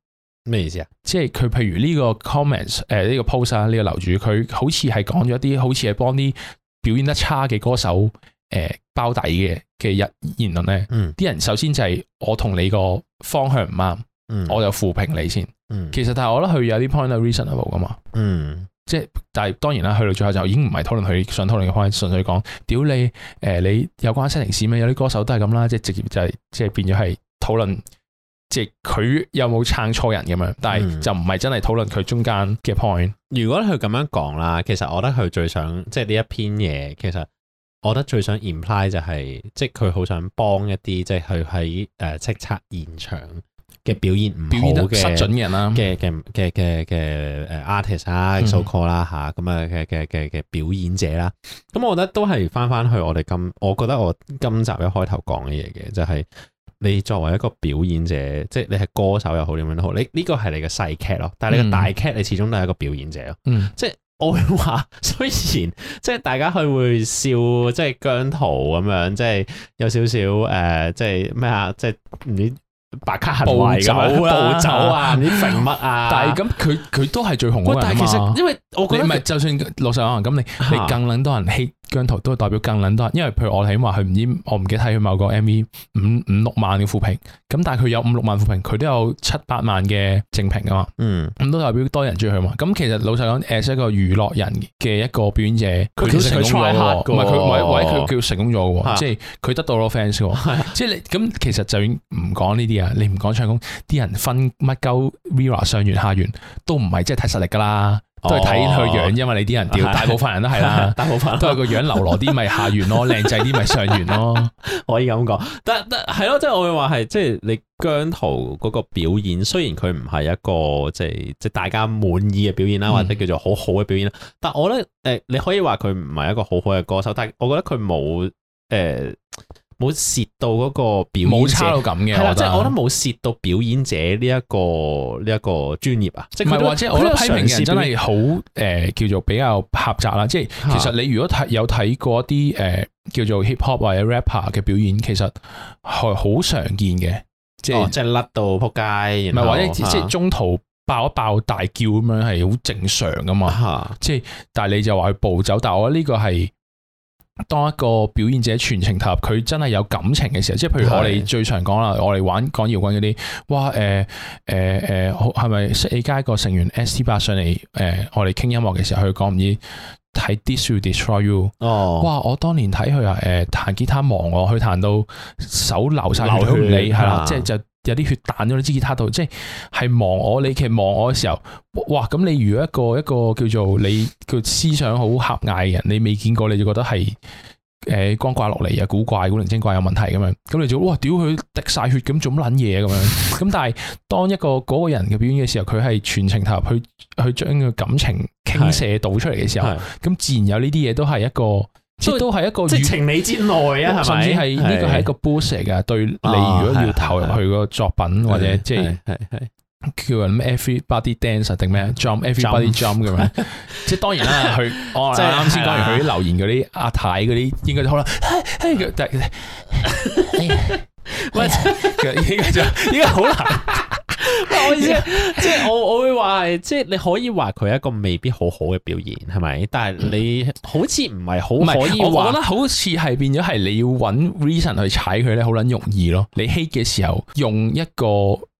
咩意思啊？即係佢譬如呢個 comment 誒呢個 post 啦，呢個樓主佢好似係講咗啲，好似係幫啲表演得差嘅歌手。誒，包底嘅嘅言論咧，啲、嗯、人首先就係我同你個方向唔啱，嗯、我就負評你先。嗯、其實但係我覺得佢有啲 point 係 reasonable 噶嘛，即係、嗯、但係當然啦，去到最後就已經唔係討論佢想討論嘅 point，純粹講屌你誒、呃，你有關 s e t 事咩？有啲歌手都係咁啦，即係直接就係即係變咗係討論即係佢有冇撐錯人咁樣，就是就是就是、有有但係就唔係真係討論佢中間嘅 point。如果佢咁樣講啦，其實我覺得佢最想即係呢一篇嘢，其實。我覺得最想 imply 就係、是，即係佢好想幫一啲即係佢喺誒叱咤現場嘅表現唔好嘅失準啦人嘅嘅嘅嘅嘅誒 artist 啊、so call 啦咁啊嘅嘅嘅嘅表演者啦，咁、嗯嗯、我覺得都係翻翻去我哋今，我覺得我今集一開頭講嘅嘢嘅，就係、是、你作為一個表演者，即、就、係、是、你係歌手又好點樣都好，你呢個係你嘅細劇咯，但係你嘅大劇、嗯、你始終都係一個表演者咯，嗯，即我會話， [LAUGHS] 雖然即係大家佢會笑，即係姜濤咁樣，即係有少少誒，即係咩啊，即係啲白卡行為走啊，暴走啊，啲名乜啊，啊但係咁佢佢都係最紅嘅人啊，因為我覺得，你咪就算落手啊，咁你你更令多人氣。姜濤都係代表更撚多，因為譬如我哋起碼佢唔知，我唔記得睇佢某個 MV 五五六萬嘅負評，咁但係佢有五六萬負評，佢都有七八萬嘅正評啊嘛，嗯，咁都代表多人中意佢嘛。咁其實老實講，as 一個娛樂人嘅一個表演者，佢叫成功咗唔係佢，唔係佢叫成功咗喎，即係佢得到咗 fans 喎，即係的你咁其實就唔講呢啲啊，你唔講唱功，啲人分乜鳩 viral 上元下元，都唔係即係睇實力㗎啦。都係睇佢樣啫嘛，哦、你啲人屌，大部分人都係啦是，大部分都係個的樣流羅啲咪下完咯，靚仔啲咪上完咯， [LAUGHS] 可以咁講。但但係咯，即係我會話係，即係你姜途嗰個表演，雖然佢唔係一個即係即係大家滿意嘅表演啦，或者叫做很好好嘅表演啦。嗯、但係我咧誒、呃，你可以話佢唔係一個很好好嘅歌手，但係我覺得佢冇誒。呃冇蝕到嗰個表演，冇差到咁嘅，即係、啊、我都冇蝕到表演者呢、這、一個呢一、這個專業啊！即係唔係，或者好多批評人真係好誒、呃呃，叫做比較狹窄啦、啊。即係其實你如果睇有睇過一啲誒、呃、叫做 hip hop 或者 rapper 嘅表演，其實係好常見嘅，即係即係甩到撲街，唔係或者即係中途爆一爆大叫咁樣，係好正常噶嘛。啊、即係但係你就話佢暴走，但係我覺得呢個係。當一個表演者全程投入，佢真係有感情嘅時候，即係譬如我哋最常講啦，是的 我哋玩講搖滾嗰啲，哇，誒、呃，誒、呃，誒，係咪釋義佳個成員 S T 八上嚟，誒、呃，我哋傾音樂嘅時候，佢講唔知，「睇 This Will Destroy You，哦，哇，我當年睇佢啊，誒、呃，彈吉他忙我，佢彈到手流晒血，係啦，即係就。有啲血彈咗你啲吉他度，即係忘我，你其實忘我嘅時候，哇！咁你如果一個一個叫做你個思想好狹隘嘅人，你未見過你就覺得係誒光怪陸離啊，古怪，古靈精怪有問題咁樣，咁你就話哇，屌佢滴晒血咁做乜撚嘢啊咁樣，咁 [LAUGHS] 但係當一個嗰個人嘅表演嘅時候，佢係全程投入去去將佢感情傾瀉倒出嚟嘅時候，咁自然有呢啲嘢都係一個。即都係一個即情理之內啊，係咪？甚至係呢個係一個 boost 嚟㗎，對你如果要投入去個作品，或者即係係係叫人 everybody dance 定咩 jump everybody jump 咁樣？即當然啦，佢即係啱先講完佢啲留言嗰啲阿太嗰啲，應該好啦，係係佢但係佢，應該就應該好難。 [LAUGHS] [LAUGHS] 我意思即係我我會話即係你可以話佢係一個未必好好嘅表現，係咪？但係你好似唔係好可以話。我覺得，我覺得好似係變咗係你要揾 reason 去踩佢咧，好捻容易咯。你 hate 嘅時候用一個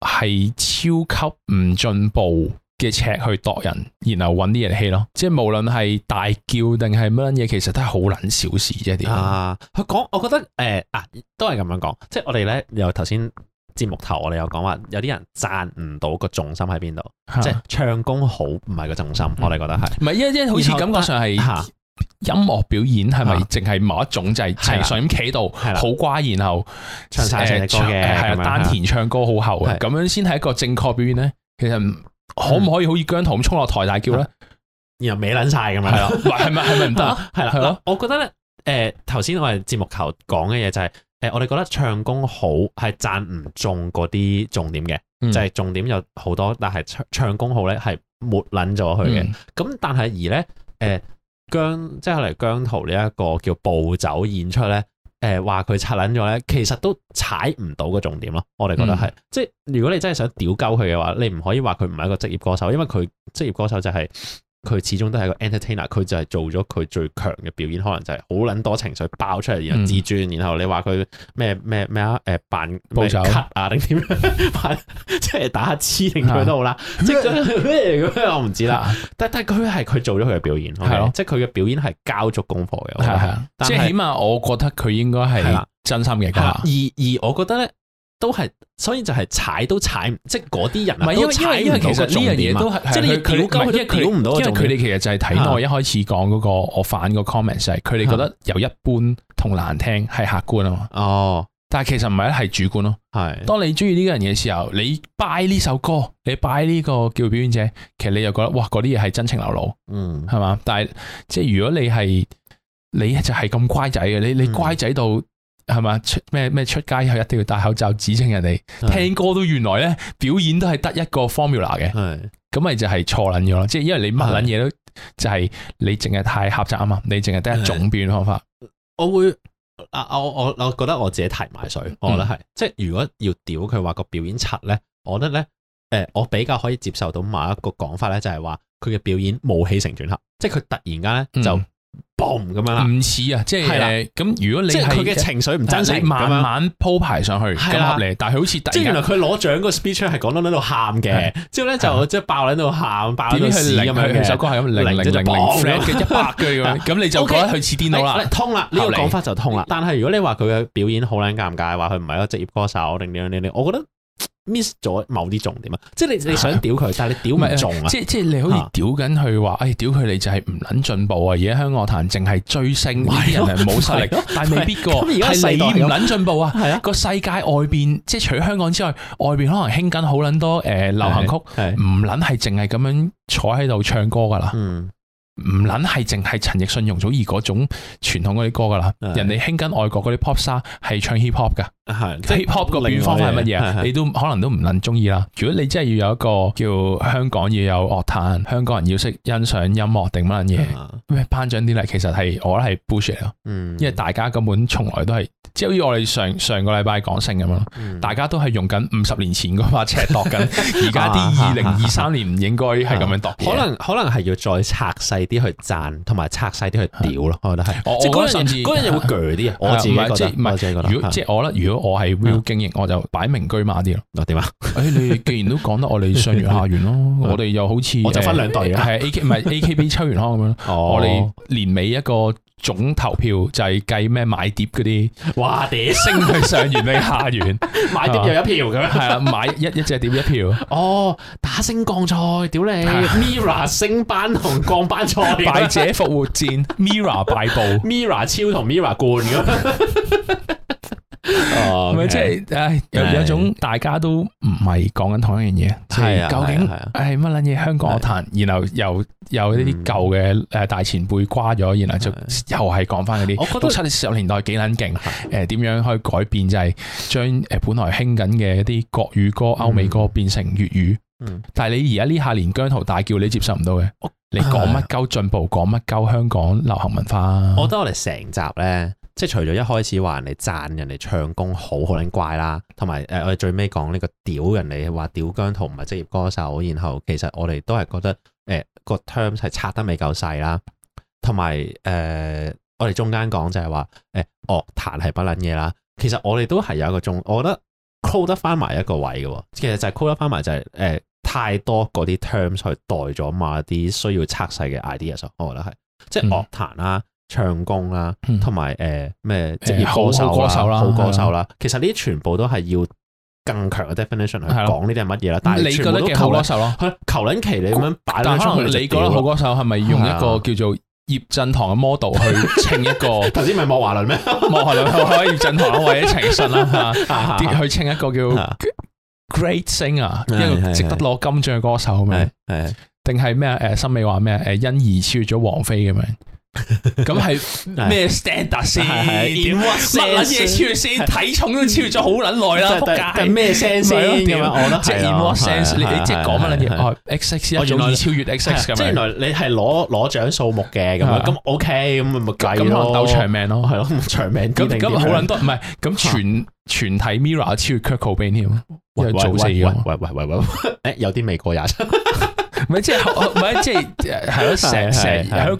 係超級唔進步嘅尺去度人，然後揾啲人 hate 咯。即係無論係大叫定係乜嘢，其實都係好捻小事啫。點啊？佢講，我覺得誒、呃、啊，都係咁樣講。即係我哋咧，又頭先。節目頭我哋有講話，有啲人讚唔到個重心喺邊度，即係唱功好唔係個重心，我哋覺得係。唔係，因為好似感覺上係音樂表演係咪淨係某一種就係情緒咁企度，好乖，然後誒唱係丹田唱歌好厚咁樣先係一個正確表演咧。其實可唔可以好似姜濤咁衝落台大叫咧，然後美捻晒咁樣？係咯，係咪係咪唔得？係啦，我覺得咧，誒，頭先我哋節目頭講嘅嘢就係。誒、呃，我哋覺得唱功好係讚唔中嗰啲重點嘅，嗯、就係重點有好多，但係唱唱功好咧係抹捻咗佢嘅。咁、嗯、但係而咧，誒、呃、姜即係後來姜濤呢一個叫暴走演出咧，誒話佢拆捻咗咧，其實都踩唔到個重點咯。我哋覺得係，嗯、即係如果你真係想屌鳩佢嘅話，你唔可以話佢唔係一個職業歌手，因為佢職業歌手就係、是。佢始終都係個 entertainer，佢就係做咗佢最強嘅表演，可能就係好捻多情緒爆出嚟，然後自尊。然後你話佢咩咩咩啊？誒，扮、呃、報仇啊，定點樣？的即係打下痴定佢都好啦，即係咩咁？我唔知啦。但但佢係佢做咗佢嘅表演，係咯的，okay? 即係佢嘅表演係交足功課嘅，係係啊。即係起碼我覺得佢應該係真心嘅。而而我覺得咧。都係，所以就係踩都踩，即係嗰啲人唔係、啊、因為因為因為其實呢樣嘢都係，即係你屌佢，唔到。即係佢哋其實就係睇我一開始講嗰、嗰個，的我反個 comment 佢哋覺得有一般同難聽係客觀啊嘛。哦的，但係其實唔係係係主觀咯。係的，當你中意呢個人嘅時候，你 buy 呢首歌，你 buy 呢個叫表演者，其實你又覺得哇，嗰啲嘢係真情流露。嗯，係嘛？但係即係如果你係，你就係咁乖仔嘅，你你乖仔到、嗯。係嘛？咩咩出，出街以後一定要戴口罩指？指稱人哋聽歌都原來咧，表演都係得一個 formula 嘅。係咁咪就係錯捻咗咯。即係因為你乜捻嘢都就係你淨係太狹窄啊嘛。是你淨係得一種表演方法。我會啊，我我我覺得我自己提埋水。我覺得係即係如果要屌佢話個表演柒咧，我覺得咧誒、嗯，我比較可以接受到某一個講法咧，就係話佢嘅表演冇起承轉合，即係佢突然間咧就。嗯 boom 咁樣啦，唔似啊，即係咁，如果你即佢嘅情緒唔真實，慢慢鋪排上去咁合理。但係好似突然間即係原來佢攞獎個 speech 係講得喺度喊嘅，之後咧就即係爆喺度喊，爆咗屎咁樣，首歌係咁零零零零嘅一百句咁樣，咁你就覺得佢似電腦啦，通啦，呢個講法就通啦。但係如果你話佢嘅表演好撚尷尬，話佢唔係一個職業歌手，定點點點，我覺得。miss 咗某啲重點啊，即係你你想屌佢，但係你屌唔中啊。即係即係你好似屌緊佢話，誒屌佢你就係唔捻進步啊！而家香港樂壇淨係追星，啲哇人係冇實力，的但係未必個係的你唔捻進步啊。個的世界外邊即係除香港之外，外邊可能興緊好捻多誒流行曲，唔捻係淨係咁樣坐喺度唱歌噶啦，唔捻係淨係陳奕迅、容祖兒嗰種傳統嗰啲歌噶啦。的人哋興緊外國嗰啲 pop star 係唱 hip hop 噶。係，即係 pop 個變方法係乜嘢你都可能都唔捻中意啦。如果你真係要有一個叫香港要有樂壇，香港人要識欣賞音樂定乜嘢，咩頒獎典禮，其實係我係 bullshit 嚟咯。因為大家根本從來都係，即係好似我哋上上個禮拜講聲咁樣，大家都係用緊五十年前嗰把尺度緊，而家啲二零二三年唔應該係咁樣度。可能可能係要再拆細啲去讚，同埋拆細啲去屌咯。我覺得係，即係嗰陣時陣會鋸啲啊。我自己覺得，即係我如果。我係 will 經營，我就擺明居馬啲咯。嗱，點啊？誒，你既然都講得我哋上完下完咯，我哋又好似我就分兩隊，係 A K 唔係 A K B 秋元康咁樣。我哋年尾一個總投票就係計咩買碟嗰啲，哇！跌升去上完咪下完，買碟又一票咁樣，係啦，買一一隻碟一票。哦，打升降賽，屌你！Mirror 升班同降班賽，敗者復活戰，Mirror 敗部，Mirror 超同 Mirror 冠咁。哦，咪即係，唉，有有種大家都唔係講緊同一樣嘢，即係究竟係乜捻嘢香港樂壇，然後又有啲啲舊嘅誒大前輩瓜咗，然後就又係講翻嗰啲。我覺得七十年代幾捻勁，誒點樣可以改變，就係將誒本來興緊嘅一啲國語歌、歐美歌變成粵語。但係你而家呢下連姜濤大叫你接受唔到嘅，你講乜鳩進步，講乜鳩香港流行文化？我覺得我哋成集咧。即係除咗一開始話人哋讚人哋唱功好，好撚怪啦，同埋誒我哋最尾講呢個屌人哋話屌姜濤唔係職業歌手，然後其實我哋都係覺得誒個、呃、terms 係拆得未夠細啦，同埋誒我哋中間講就係話誒樂壇係不撚嘢啦，其實我哋都係有一個中，我覺得 call 得翻埋一個位嘅，其實就 call 得翻埋就係、是、誒、呃、太多嗰啲 terms 去代咗嘛，啲需要拆細嘅 ideas 我覺得係即係樂壇啦、啊。嗯唱功啦，同埋誒咩職業歌手啦，好歌手啦，其實呢啲全部都係要更強嘅 definition 去講呢啲係乜嘢啦。但係你覺得嘅好歌手咯，求卵其你咁樣擺出去，你覺得好歌手係咪用一個叫做葉振棠嘅 model 去稱一個頭先唔係莫華倫咩？莫華倫葉振棠？或者陳奕迅啦，去稱一個叫 great singer 一個值得攞金像嘅歌手咁樣，定係咩？誒，森美話咩？誒，欣宜超越咗王菲咁樣。咁係咩 standard 先？乜嘢超越先？體重都超越咗好撚耐啦！仆街係咩 sense？係咯，即係 what sense？你即係講乜撚嘢？X X 我仲要超越 X X 咁？即係原來你係攞攞獎數目嘅咁樣，咁 OK 咁咪咪咁咪鬥長命咯，係咯長命咁咪好撚多，唔係咁全全體 Mirror 超越 c i r c a d i a 添，喂喂喂喂喂誒有啲未過廿七。唔係即係，唔係即係，係咯成成係咯，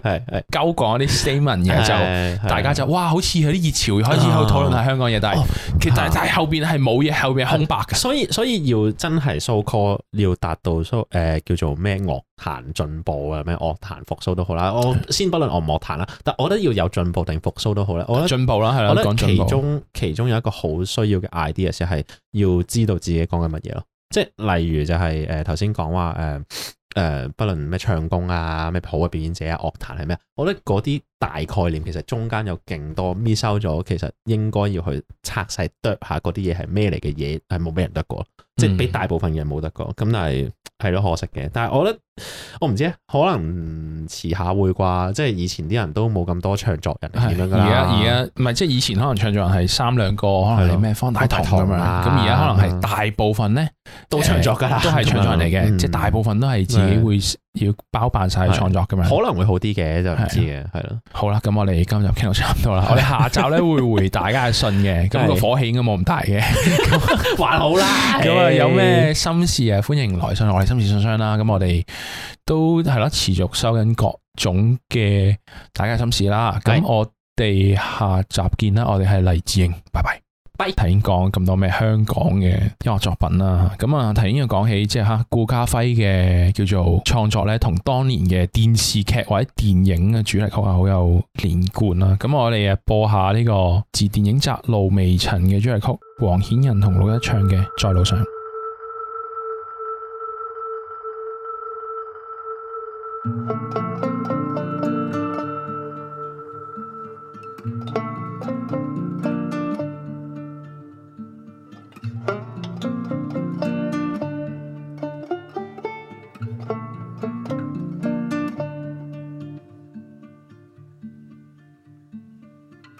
搞講啲 statement 嘅就，大家就哇，好似有啲熱潮，開始去討論下香港嘢，但係其實但係後邊係冇嘢，後邊係空白嘅。所以所以要真係 so call 要達到 so 誒叫做咩樂壇進步啊，咩樂壇復甦都好啦。我先不論樂唔樂壇啦，但我覺得要有進步定復甦都好咧。我覺得進步啦，係啦。我覺得其中其中有一個好需要嘅 idea 先係要知道自己講緊乜嘢咯。即係例如就係誒頭先講話誒。誒、呃、不論咩唱功啊，咩好嘅表演者啊，樂壇係咩，我覺得嗰啲。大概念其實中間有勁多咪收咗，其實應該要去拆細剁下嗰啲嘢係咩嚟嘅嘢，係冇俾人得過，嗯、即係俾大部分人冇得過。咁但係係咯，可惜嘅。但係我覺得我唔知道，可能遲下會啩。即係以前啲人都冇咁多唱作人咁樣。而家而家唔係，即係以前可能唱作人係三兩個，可能係咩方大同咁樣。咁而家可能係大部分咧的都唱作噶啦，都係唱作人嚟嘅，嗯、即係大部分都係自己會。要包辦晒創作咁樣，可能會好啲嘅，就唔知嘅，係咯的。的好啦，咁我哋今日傾到差唔多啦，是的 我哋下集咧，會回大家嘅信嘅。咁 [LAUGHS] 個火氣應該冇咁大嘅，是的 [LAUGHS] 還好啦。咁啊，有咩心事啊，是的 歡迎來信我哋心事信箱啦。咁我哋都係咯，持續收緊各種嘅大家嘅心事啦。咁是的 我哋下集見啦，我哋係黎智英，拜拜。提演講咁多咩香港嘅音樂作品啦，咁啊提演要講起即係吓顧家輝嘅叫做創作呢，同當年嘅電視劇或者電影嘅主題曲啊好有連貫啦。咁我哋啊播下呢個自電影《窄路微塵》嘅主題曲，黃衍仁同611唱嘅《在路上》。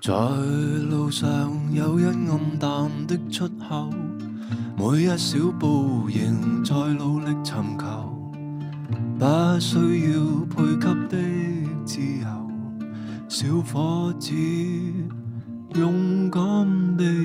在路上有一暗淡的出口，每一小步仍在努力尋求，不需要配給的自由，小伙子勇敢的。